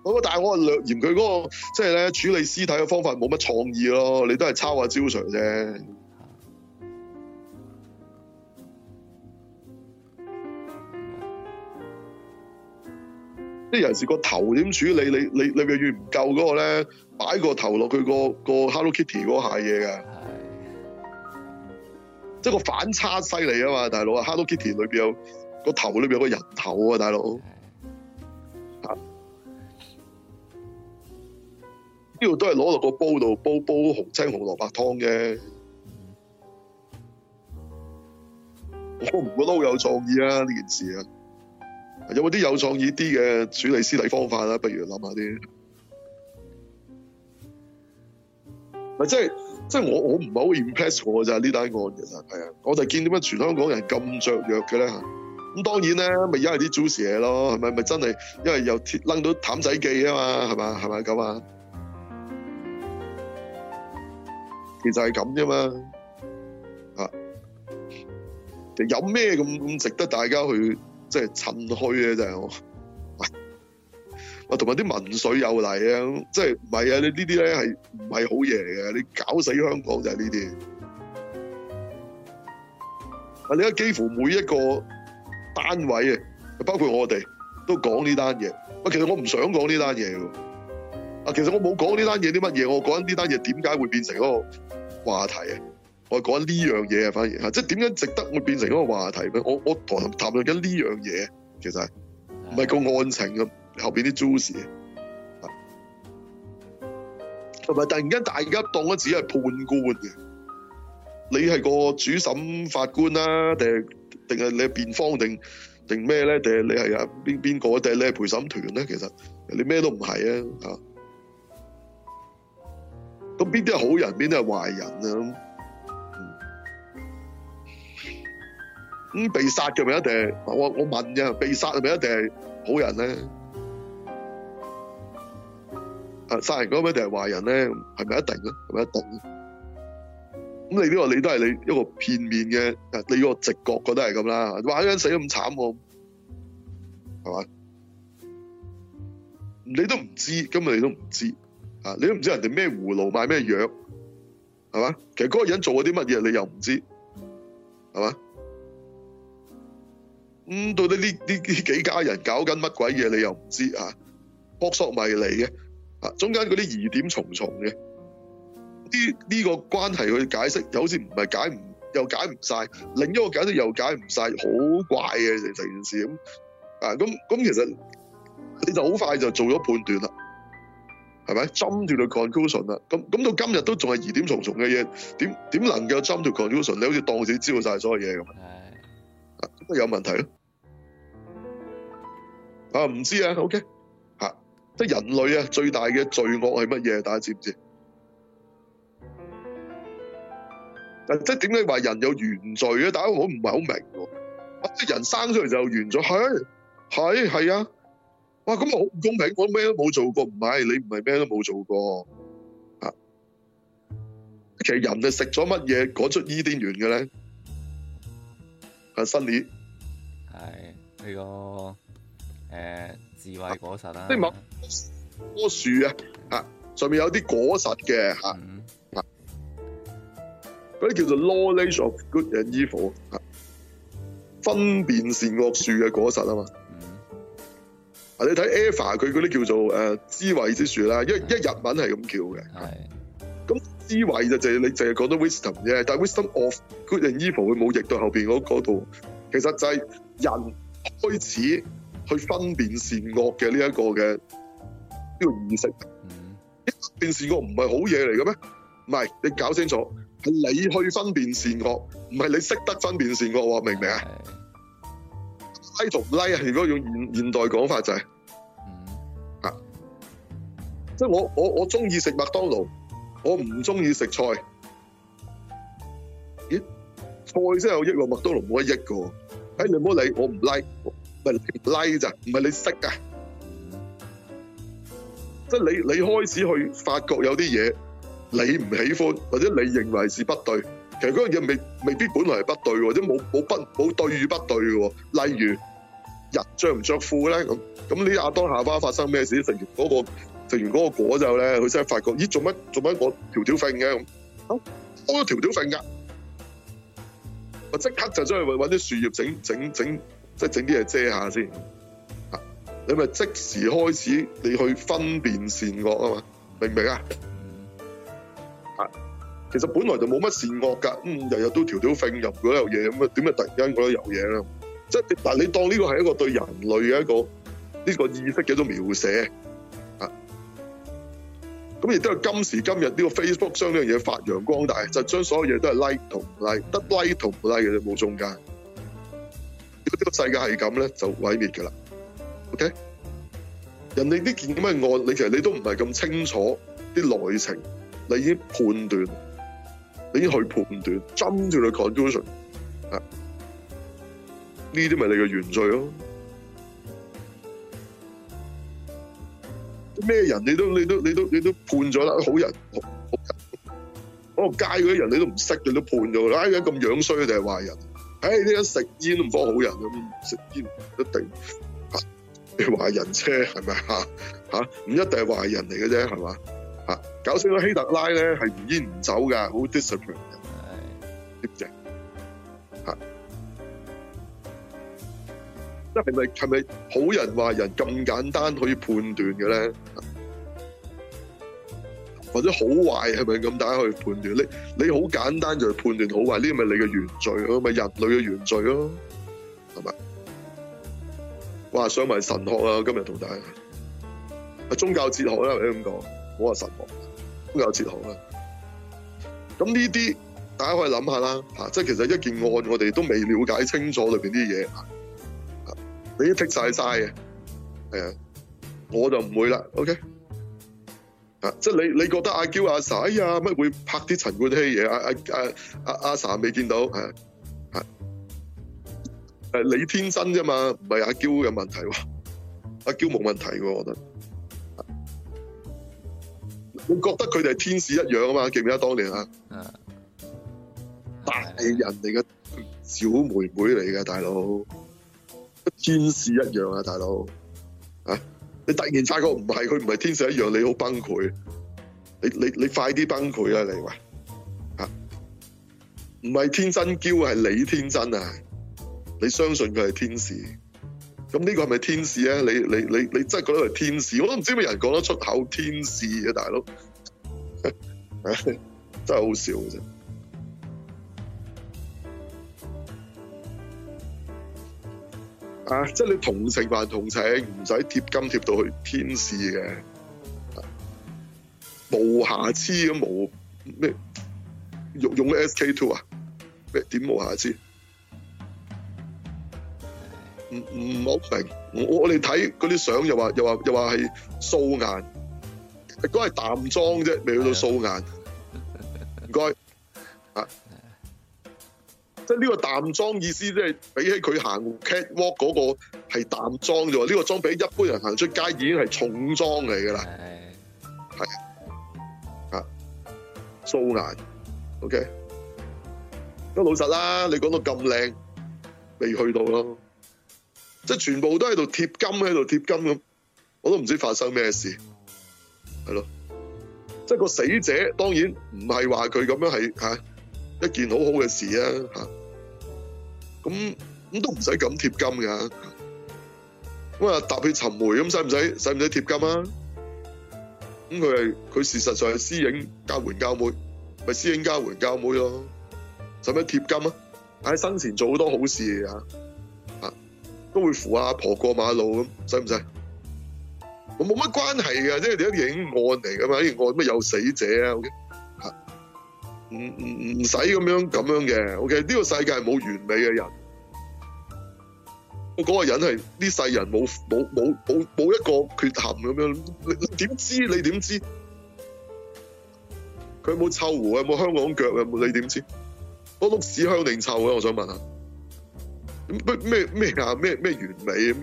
咁啊 *laughs* 但係我略嫌佢嗰、嗰個即係咧處理屍體嘅方法冇乜創意咯，你都係抄下招 o 啫。啲人是個頭點處理？你你你預算唔夠嗰個咧，擺個頭落去、嗰個、嗰個 Hello Kitty 嗰下嘢嘅，即係的個反差犀利啊嘛！大佬啊，Hello Kitty 裏邊有、個頭，裏邊有個人頭啊！大佬，呢度的的都係攞落個煲度煲煲，煲紅青紅蘿蔔湯嘅，我唔覺得好有創意啊！呢件事啊。有冇啲有創意啲嘅處理屍體方法咧？不如諗下啲，即係即係我我唔係好 impressed 我噶咋呢單案，其實係啊，我就見，點解全香港人咁雀躍嘅咧？咁當然咧，咪因為啲 juicy 嘢咯，係咪咪真係因為又扔到淡仔記啊嘛，係嘛係咪？咁啊？其實係咁啫嘛，啊，就有咩咁值得大家去？即係趁虛嘅就，啊，啊，同埋啲民粹有嚟啊！即係唔係啊？你呢啲咧係唔係好嘢嚟嘅？你搞死香港就係呢啲。啊，你而家幾乎每一個單位啊，包括我哋都講呢單嘢。啊，其實我唔想講呢單嘢嘅。啊，其實我冇講呢單嘢啲乜嘢，我講緊呢單嘢點解會變成一個話題啊？我講緊呢樣嘢啊，反而吓，即係點樣值得會變成一個話題咧？我我談談論緊呢樣嘢，其實唔係個案情啊？後邊啲做事，同埋突然間大家當咗自己係判官嘅，你係個主審法官啦，啊，定定係你係辯方，定定咩咧？定係你係阿邊邊個？定係你係陪審團咧？其實你咩都唔係啊！吓，咁邊啲係好人，邊啲係壞人啊？咁、嗯、被殺嘅咪一定，我我問嘅，被殺係咪一定係好人咧？啊，殺人嗰個咪一定係壞人咧？係咪一定咧？係咪一定？咁你呢、個你都係你一個片面嘅，你個直覺覺得係咁啦。話嗰人死咁慘，係嘛？你都唔知，今日你都唔知，啊，你都唔知人哋咩葫蘆賣咩藥，係嘛？其實嗰個人做咗啲乜嘢，你又唔知，係嘛？咁到底呢呢呢幾家人搞緊乜鬼嘢？你又唔知啊，撲朔迷離嘅啊，中間嗰啲疑點重重嘅，呢呢個關係佢解釋又好似唔係解唔又解唔晒，另一個解釋又解唔晒，好怪嘅成件事咁啊！咁咁其實你就好快就做咗判斷啦，係咪？針住個 conclusion 啦，咁咁到今日都仲係疑點重重嘅嘢，點點能夠針住 conclusion？你好似當自己知道晒所有嘢咁，係啊，有問題咯。啊唔知啊，OK，吓、啊，即係人類啊最大嘅罪惡係乜嘢？大家知唔知？即係點解話人有原罪咧？大家好唔係好明、啊？即、啊、係人生出嚟就原罪，係係係啊！哇、啊，咁啊好唔公平！我咩都冇做過，唔係你唔係咩都冇做過啊！其實人係食咗乜嘢趕出伊甸園嘅咧？係 Sunny 係呢個。依 *noise* 誒，智慧果實啦，即係某棵樹啊，吓、啊、上面有啲果實嘅吓，嗰啲、嗯啊、叫做 knowledge of good and evil、啊、分辨善惡樹嘅果實啊嘛。啊，嗯、啊你睇 Eva 佢嗰啲叫做誒、啊、智慧之樹啦，因一，是一日文係咁叫嘅。係是，咁智慧就就你淨係講到 wisdom 啫，但 wisdom of good and evil 佢冇譯到後邊嗰嗰度，其實就係人開始。去分辨善惡嘅呢一個嘅呢個意識、嗯，分辨善惡唔係好嘢嚟嘅咩？唔係，你搞清楚係你去分辨善惡，唔係你識得分辨善惡，明唔明啊？like 同 like、就是嗯、啊，如果用現現代講法就係，吓，即係我我我中意食麥當勞，我唔中意食菜。咦？菜真係有益喎，麥當勞冇得益喎。哎，你唔好理我唔 like。咪係拉咋，唔係你識啊！即係你、就是、你，你開始去發覺有啲嘢你唔喜歡或者你認為是不對，其實嗰樣嘢未未必本來係不對，或者冇冇不冇對與不對嘅。例如人着唔着褲咧咁，咁呢阿當下巴發生咩事？食完嗰、那個食完嗰個果之後咧，佢先發覺咦？做乜做乜我條條瞓嘅咁？好，啊，我條條瞓噶，我即刻就出去搵啲樹葉整整整。即係整啲嘢遮下先，吓，你咪即時開始你去分辨善惡啊嘛，明唔明啊？吓，其實本來就冇乜善惡噶，嗯，日日都條條揈入嗰嚿嘢，咁啊點解突然間覺得有嘢咧？即係嗱，但你當呢個係一個對人類嘅一個呢個意識嘅一種描寫啊，咁亦都係今時今日呢個 Facebook 將呢樣嘢發揚光大，就係將所有嘢都係 like 同唔 like，得 like 同唔 like 嘅都冇中間。如果呢個世界係咁咧，就毀滅噶啦。OK，人哋呢件咁嘅案，你其實你都唔係咁清楚啲內情，你已經判斷，你已經去判斷，針住個 conclusion 啊，呢啲咪你嘅原罪咯。咩人你都你都你都你都判咗啦，好人，好人，嗰個街嗰啲人你都唔識，你都判咗啦，而家咁樣衰定係壞人？哎，你一食煙唔幫好人咁，食煙唔一定係、啊啊、壞人啫，係咪啊？嚇，唔一定係壞人嚟嘅啫，係嘛？嚇，搞死個希特拉咧，係唔煙唔走嘅，好 discipline，e 嘅嚇。即係咪係咪好人壞人咁簡單可以判斷嘅咧？或者好壞係咪咁？大家去判斷你，你好簡單就判斷好壞，呢個咪你嘅原罪咯，咪人類嘅原罪咯，係咪？哇，上埋神學啊！今日同大家啊，宗教哲學啦，咪咁講，冇話神學，宗教哲學啦。咁呢啲，大家可以諗下啦，吓，即係其實一件案，我哋都未了解清楚裏邊啲嘢，你都剔晒晒嘅，係啊，我就唔會啦，OK。即係你你覺得阿嬌阿 s 哎呀乜會拍啲陳冠希嘢，啊啊啊？阿阿阿阿 s 未見到，係係誒你天真啫嘛，唔係阿嬌有問題喎，阿嬌冇問題嘅，我覺得。你覺得佢哋係天使一樣啊嘛？記唔記得當年啊， *music* 大人嚟嘅小妹妹嚟嘅，大佬，天使一樣啊，大佬。你突然發覺唔係佢唔係天使一樣，你好崩潰。你你你，你快啲崩潰啦，你話吓，唔係天真嬌，係你天真啊！你相信佢係天使，咁呢個係咪天使咧？你你你你真係覺得係天使，我都唔知咩人講得出口天使啊！大佬， *laughs* 真係好笑啫。啊！即係你同情還同情，唔使貼金貼到去天使嘅，無瑕疵咁無咩用用嘅 SK two 啊？咩點無瑕疵？唔唔好明，我我我哋睇嗰啲相又話又話又話係素顏，都係淡妝啫，未去到素顏。唔該啊。呢個淡妝意思，即係比起佢行 catwalk 嗰個係淡妝啫喎。呢個妝比一般人行出街已經係重妝嚟噶啦，係啊，OK？啊，啊，素顏，OK。都老實啦，你講到咁靚，未去到咯。即係全部都喺度貼金喺度貼金咁，我都唔知發生咩事，係啊咯。即係個死者當然唔係話佢咁樣係吓一件好好嘅事啊吓。咁咁都唔使咁貼金噶，我話踏雪尋梅咁使唔使使唔使貼金啊？咁佢係佢事實上係私影交援交妹，咪私影交援交妹咯？使唔使貼金啊？喺生前做好多好事啊，啊，都會扶阿婆過馬路咁，使唔使？我冇乜關係噶，即係你影案嚟噶嘛？影案乜有死者啊？唔唔唔使咁樣咁樣嘅，OK？呢個世界冇完美嘅人，我、那、嗰個人係呢世人冇冇冇冇冇一個缺陷咁樣，你點知？你點知？佢冇臭狐，有冇香港腳？有冇你點知？我、那、碌、個、屎香定臭咧？我想問下，咁咩咩啊？咩咩完美？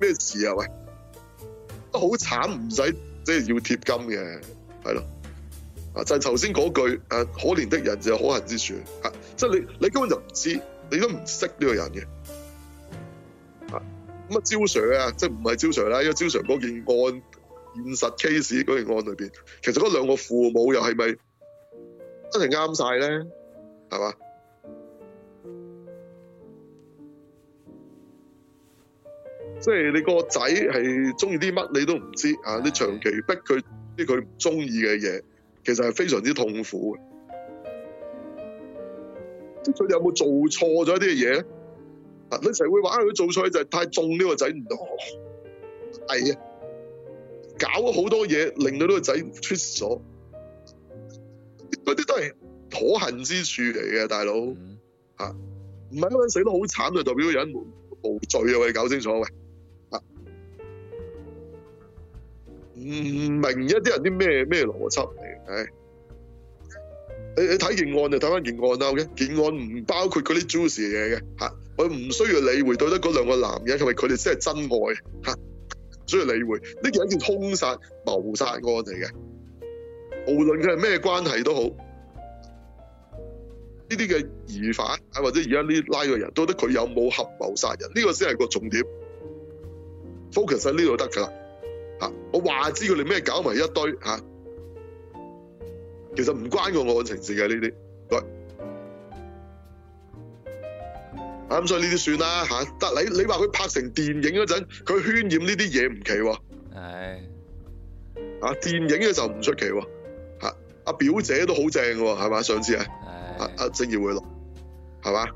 咩事啊？喂，都好慘，唔使即係要貼金嘅，係咯。就係頭先嗰句，誒，可憐的人就有可恨之處，吓、啊，即係你，你根本就唔知，你都唔識呢個人嘅，吓，咁啊招 Sir 啊，啊朝 Sir, 即係唔係招 Sir 啦，因為招 Sir 嗰件案，現實 case 嗰件案裏邊，其實嗰兩個父母又係咪真係啱晒咧，係嘛？即 *noise* 係樂 *music* 你個仔係中意啲乜，你都唔知，吓、啊，你長期逼佢啲佢唔中意嘅嘢。其實係非常之痛苦嘅，即係佢哋有冇做錯咗啲嘢咧？嗱，成日會話佢做錯就係太縱呢個仔，唔到危啊，搞咗好多嘢令到呢個仔出事咗，嗰啲都係可恨之處嚟嘅，大佬吓，唔係嗰個人死得好慘就代表人無，無罪嘅，搞清楚嘅，喂。唔明一啲人啲咩咩邏輯嚟？唉，你你睇件案就睇翻件案啦，好嘅。件案唔包括嗰啲 juicy 嘢嘅，吓，我唔需要理會到得嗰兩個男人係咪佢哋先係真愛？吓，唔需要理會。呢件係一件兇殺謀殺案嚟嘅，無論佢係咩關係都好。呢啲嘅疑犯啊，或者而家呢拉嘅人都得佢有冇合謀殺人？呢個先係個重點，focus 喺呢度得噶啦。吓，我話知佢哋咩搞埋一堆吓，啊，其實唔關個案情事嘅呢啲，咁所以呢啲算啦吓，啊。但你你話佢拍成電影嗰陣，佢渲染呢啲嘢唔奇喎。唉的、啊，電影嘅就唔出奇喎。吓、啊、阿表姐都好正嘅係嘛，上次係阿阿正業回來係嘛？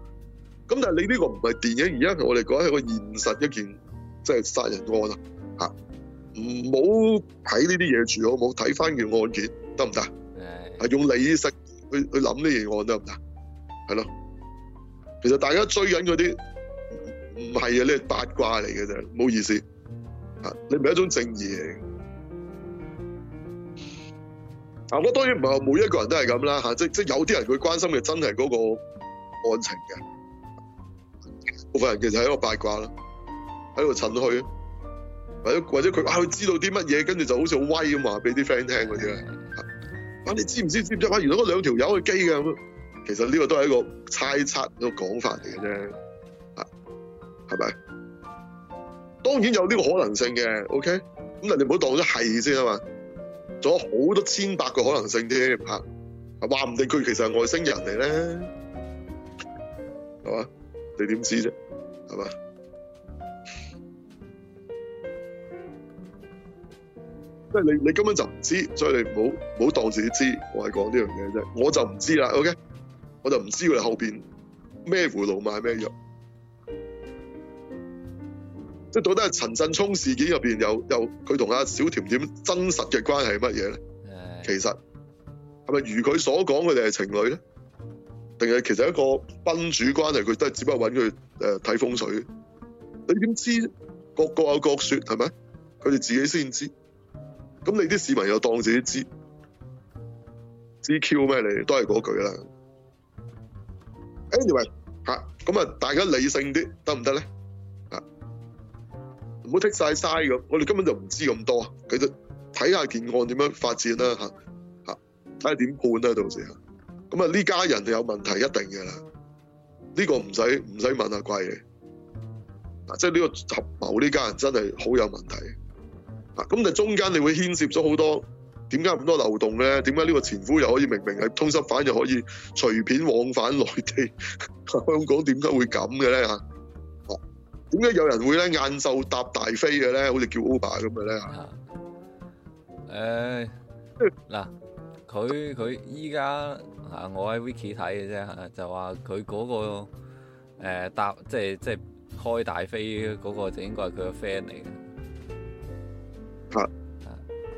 咁但係你呢個唔係電影，而家我哋講係個現實一件，即係殺人案啊吓。唔好睇呢啲嘢住好冇？睇翻件案件得唔得？係用理性去去諗呢件案得唔得？係咯。其實大家追緊嗰啲唔係啊，呢係八卦嚟嘅啫，唔好意思。啊，你唔係一種正義嚟嘅。嗱，我當然唔係話每一個人都係咁啦嚇，即、即係、有啲人佢關心嘅真係嗰個案情嘅，部分人其實係一個八卦啦，喺度趁墟啊。或者或者佢啊，佢知道啲乜嘢，跟住就好似好威咁啊，俾啲 friend 聽嗰啲啊。反正知唔知知唔知啊？原來嗰兩條友去機嘅咁。其實呢個都係一個猜測，一個講法嚟嘅啫。嚇，係咪？當然有呢個可能性嘅。OK，咁你哋唔好當咗係先啊嘛。仲有好多千百個可能性添嚇。話唔定佢其實係外星人嚟咧，係嘛？你點知啫？係嘛？即係你，你根本就唔知，所以你唔好唔好當自己知。我係講呢樣嘢啫，我就唔知啦。OK，我就唔知佢哋後邊咩葫蘆賣咩藥。即係到底係陳振聰事件入邊有有佢同阿小甜甜真實嘅關係係乜嘢咧？的其實係咪如佢所講，佢哋係情侶咧？定係其實一個賓主關係？佢都係只不過揾佢誒睇風水。你點知？各國有各説，係咪？佢哋自己先知。咁你啲市民又當自己知知 Q 咩？你都係嗰句啦。Anyway，咁啊，大家理性啲得唔得咧？唔好剔晒嘥咁。我哋根本就唔知咁多，其實睇下件案點樣發展啦，睇下點判啦，到時。咁啊，呢家人就有問題一定嘅啦，呢個唔使唔使問阿貴。嗱，即係呢個合謀呢家人真係好有問題。咁就中間你會牽涉咗好多，點解咁多漏洞咧？點解呢個前夫又可以明明係通緝犯，又可以隨便往返內地？香港點解會咁嘅咧？嚇，點解有人會咧晏晝搭大飛嘅咧？好似叫 OBA 咁嘅咧？誒、呃，嗱、 *laughs* 呃，佢佢依家啊，我喺 Wiki 睇嘅啫嚇，就話佢嗰個、呃、搭即係即係開大飛嗰、嗰個就應該係佢嘅 friend 嚟嘅。吓，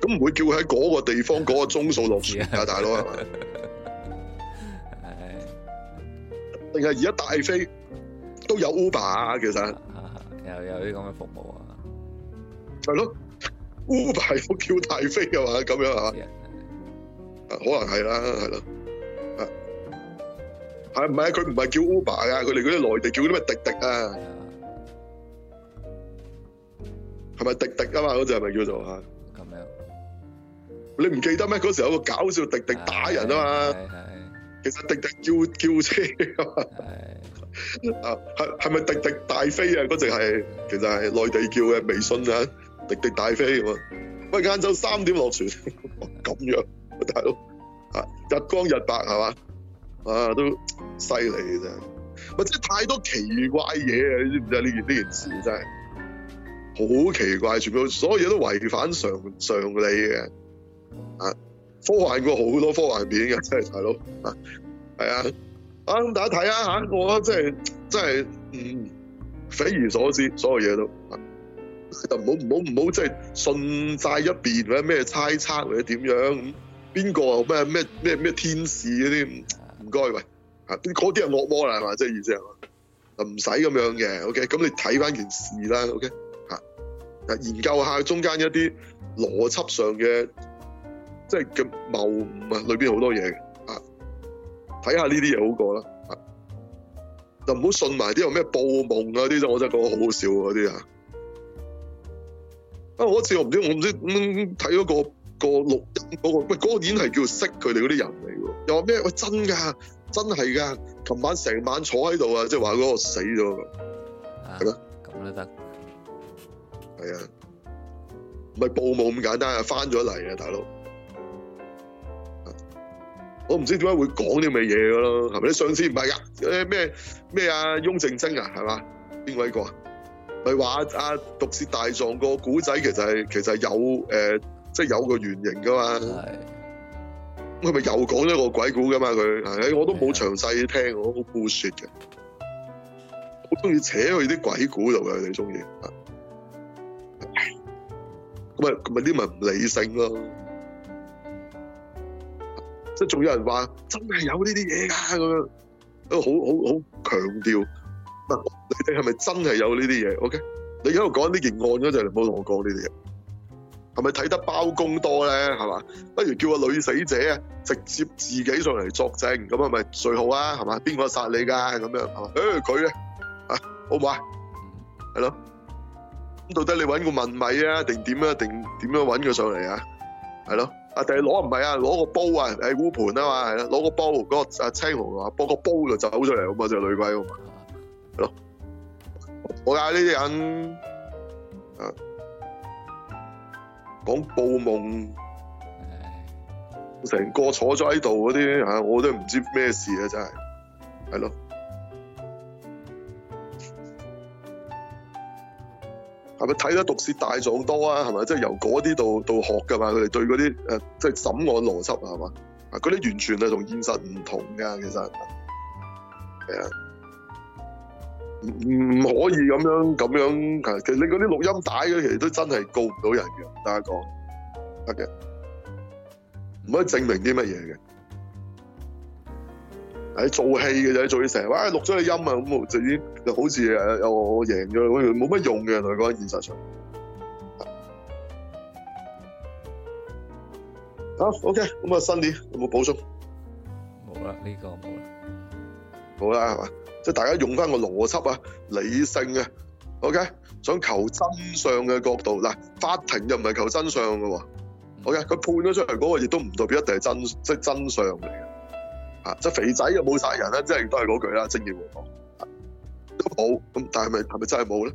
咁唔、啊、會叫喺嗰個地方嗰 *laughs* 個鐘數落船大佬係咪？定係而家大飛都有 Uber 啊？其實又有啲咁嘅服務啊，係咯，Uber 係叫大飛噶嘛？咁樣啊？可能係啦，係咯，啊，係唔係佢唔係叫 Uber 啊，佢哋嗰啲內地叫啲咩滴滴啊？係咪滴滴啊嘛？嗰隻係咪叫做嚇？咁樣，你唔記得咩？嗰時候有個搞笑滴滴打人啊嘛。係係。其實滴滴叫叫車。係。啊，係係咪滴滴大飛啊？嗰隻係其實係內地叫嘅微信啊，滴滴大飛咁啊。喂，晏晝三點落船，咁 *laughs* 樣，大佬啊，日光日白係嘛？啊，都犀利嘅咋。或者太多奇怪嘢啊！你知唔知啊？呢件呢件事真係。好奇怪，全部所有嘢都違反常常理嘅，啊！科幻過好多科幻片嘅，真係大佬啊，係啊，啊咁大家睇下吓，我真係真係，嗯，匪夷所思，所有嘢都，就唔好唔好唔好，即係信齋一邊或者咩猜測或者點樣咁，邊個啊咩咩咩咩天使嗰啲唔該喂啊，嗰啲係惡魔啦係嘛，即係意思啊，就唔使咁樣嘅，OK，咁你睇翻件事啦，OK。研究下中間一啲邏輯上嘅，即係嘅謬誤裡面啊，裏邊好多嘢啊，睇下呢啲嘢好過啦。就唔好信埋啲有咩報夢啊啲，真我真覺得好好笑嗰啲啊。不過嗰次我唔知，我唔知睇咗、嗯嗰個、嗰個錄音嗰、嗰個，喂、嗰、嗰個演係叫識佢哋嗰啲人嚟喎，又話咩？喂真噶，真係噶，琴晚成晚坐喺度、即係、啊，即係話嗰個死咗，係咯，咁都得。係啊，唔係報夢，咁簡單。回來了是是啊，翻咗嚟啊，大佬，我唔知點解會講啲咩嘢嘢咯，係咪？你上次唔係噶，誒咩咩啊雍正真啊，係嘛？邊位呢個啊？咪話阿毒舌大狀個古仔其實係其實係有誒，即、呃、係、就是、有個原型噶嘛、啊。係咁的，佢咪又講咗個鬼古噶嘛佢？我都冇詳細聽，的我好 bullshit 嘅，好中意扯去啲鬼古度去，你中意？咁咪咁咪啲咪唔理性咯，即係仲有人話真係有呢啲嘢噶咁樣，都好好好強調，嗱你哋係咪真係有呢啲嘢？OK，你喺度講呢件案嗰陣，你冇同我講呢啲嘢，係咪睇得包公多咧？係嘛，不如叫個女死者啊，直接自己上嚟作證，咁係咪最好啊？係嘛，邊個殺你噶咁樣？誒，佢咧，啊好唔好啊？係咯。咁到底你揾個問米啊？定點啊？定點樣揾佢上嚟啊？係咯？啊，定係攞唔係啊？攞個煲啊？誒、啊，烏盤啊嘛，係咯？攞個煲，嗰、那個阿青龍啊，播個煲就走出嚟咁嘛，隻、就是、女鬼、啊，係咯？我嗌呢啲人啊，講報夢，成個坐咗喺度嗰啲吓，我都唔知咩事啊，真係，係咯。係咪睇得毒舌大狀多啊是？係咪即係由嗰啲度度學㗎嘛他們？佢哋對嗰啲誒即係審案邏輯係嘛？嗰啲、啊、完全係同現實唔同㗎、啊，其實係啊，唔可以咁樣咁樣。其實你嗰啲錄音帶，其實都真係告唔到人嘅。大家講得嘅，唔可以證明啲乜嘢嘅。喺做戲嘅啫，做啲成，哇、哎，錄咗個音啊，咁就已經又好似誒又贏咗，好似冇乜用嘅，同佢講喺現實上。好，OK，咁啊，新年有冇補充？冇啦，呢、呢個冇啦，好啦，係嘛？即係大家用翻個邏輯啊，理性啊，OK，想求真相嘅角度嗱，法庭又唔係求真相嘅喎，OK，佢判咗出嚟嗰個亦都唔代表一定係真，即係真相嚟嘅。啊！即係肥仔又冇殺人啦，即係都係嗰句啦，正義迴盪都冇咁，但係咪係咪真係冇咧？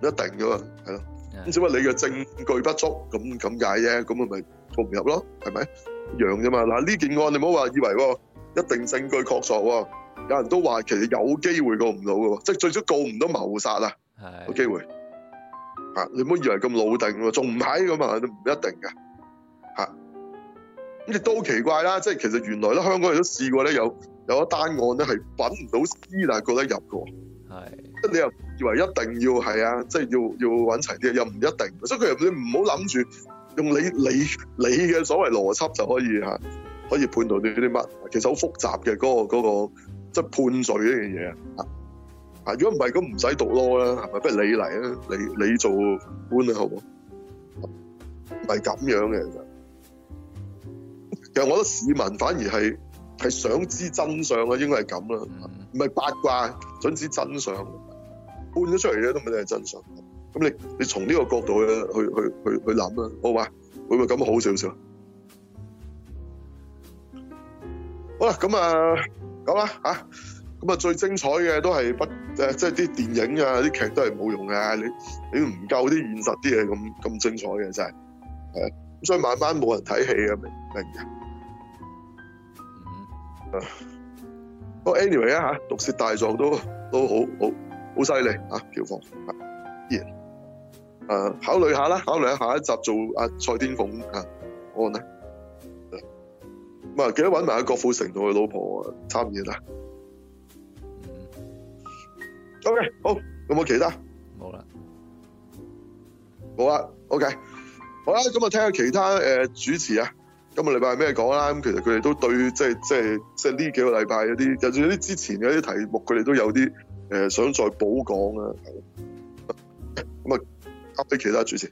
唔一定噶喎，係咯。咁只不過你嘅證據不足，咁咁解啫。咁啊，咪告唔入咯？係咪？一樣啫嘛。嗱，呢件案你唔好話以為喎，一定證據確鑿喎。有人都話其實有機會告唔到嘅喎，即係最多告唔到謀殺啊有機會。啊！你唔好以為咁老定喎，仲唔係噶嘛？唔一定嘅。咁亦都好奇怪啦，即係其實原來咧香港人都試過咧有有一單案咧係揾唔到屍嚟過得入嘅，係，即你又以為一定要係啊，即係要要揾齊啲，又唔一定，所以其實你唔好諗住用你你你嘅所謂邏輯就可以嚇可以判到啲啲乜，其實好複雜嘅嗰個嗰個即係判罪呢樣嘢啊，啊如果唔係咁唔使讀 law 啦，係咪？不如你嚟啊，你你做判官好，唔係咁樣嘅。其實我覺得市民反而係係想知真相啊，應該係咁啦，唔係八卦，準知真相，搬咗出嚟，咧都唔係真嘅真相。咁你你從呢個角度咧去去去去諗啦，好嘛？會唔會咁好少少？好啦，咁啊，咁啦，吓，咁啊，最精彩嘅都係不誒，即係啲電影啊，啲劇都係冇用嘅，你你唔夠啲現實啲嘢咁咁精彩嘅真係，係啊，所以慢慢冇人睇戲啊，明唔明嘅？Anyway 啊吓，毒舌大狀都都好好好犀利啊！票房，而、啊、誒，考慮下啦，考慮喺下，下一集做阿、啊、蔡天鳳啊案呢，咁啊，啊，啊，啊，記得揾埋阿郭富城同佢老婆參演啦。OK，好、啊，有冇其他？冇、呃、啦，好啦。OK，好啦，咁啊，聽下其他誒主持啊。今日禮拜咩講啦？咁其實佢哋都對，即係即係即係呢幾個禮拜有啲，就算有啲之前嘅啲題目，佢哋都有啲、呃、想再補講啊。咁啊交俾其他主持。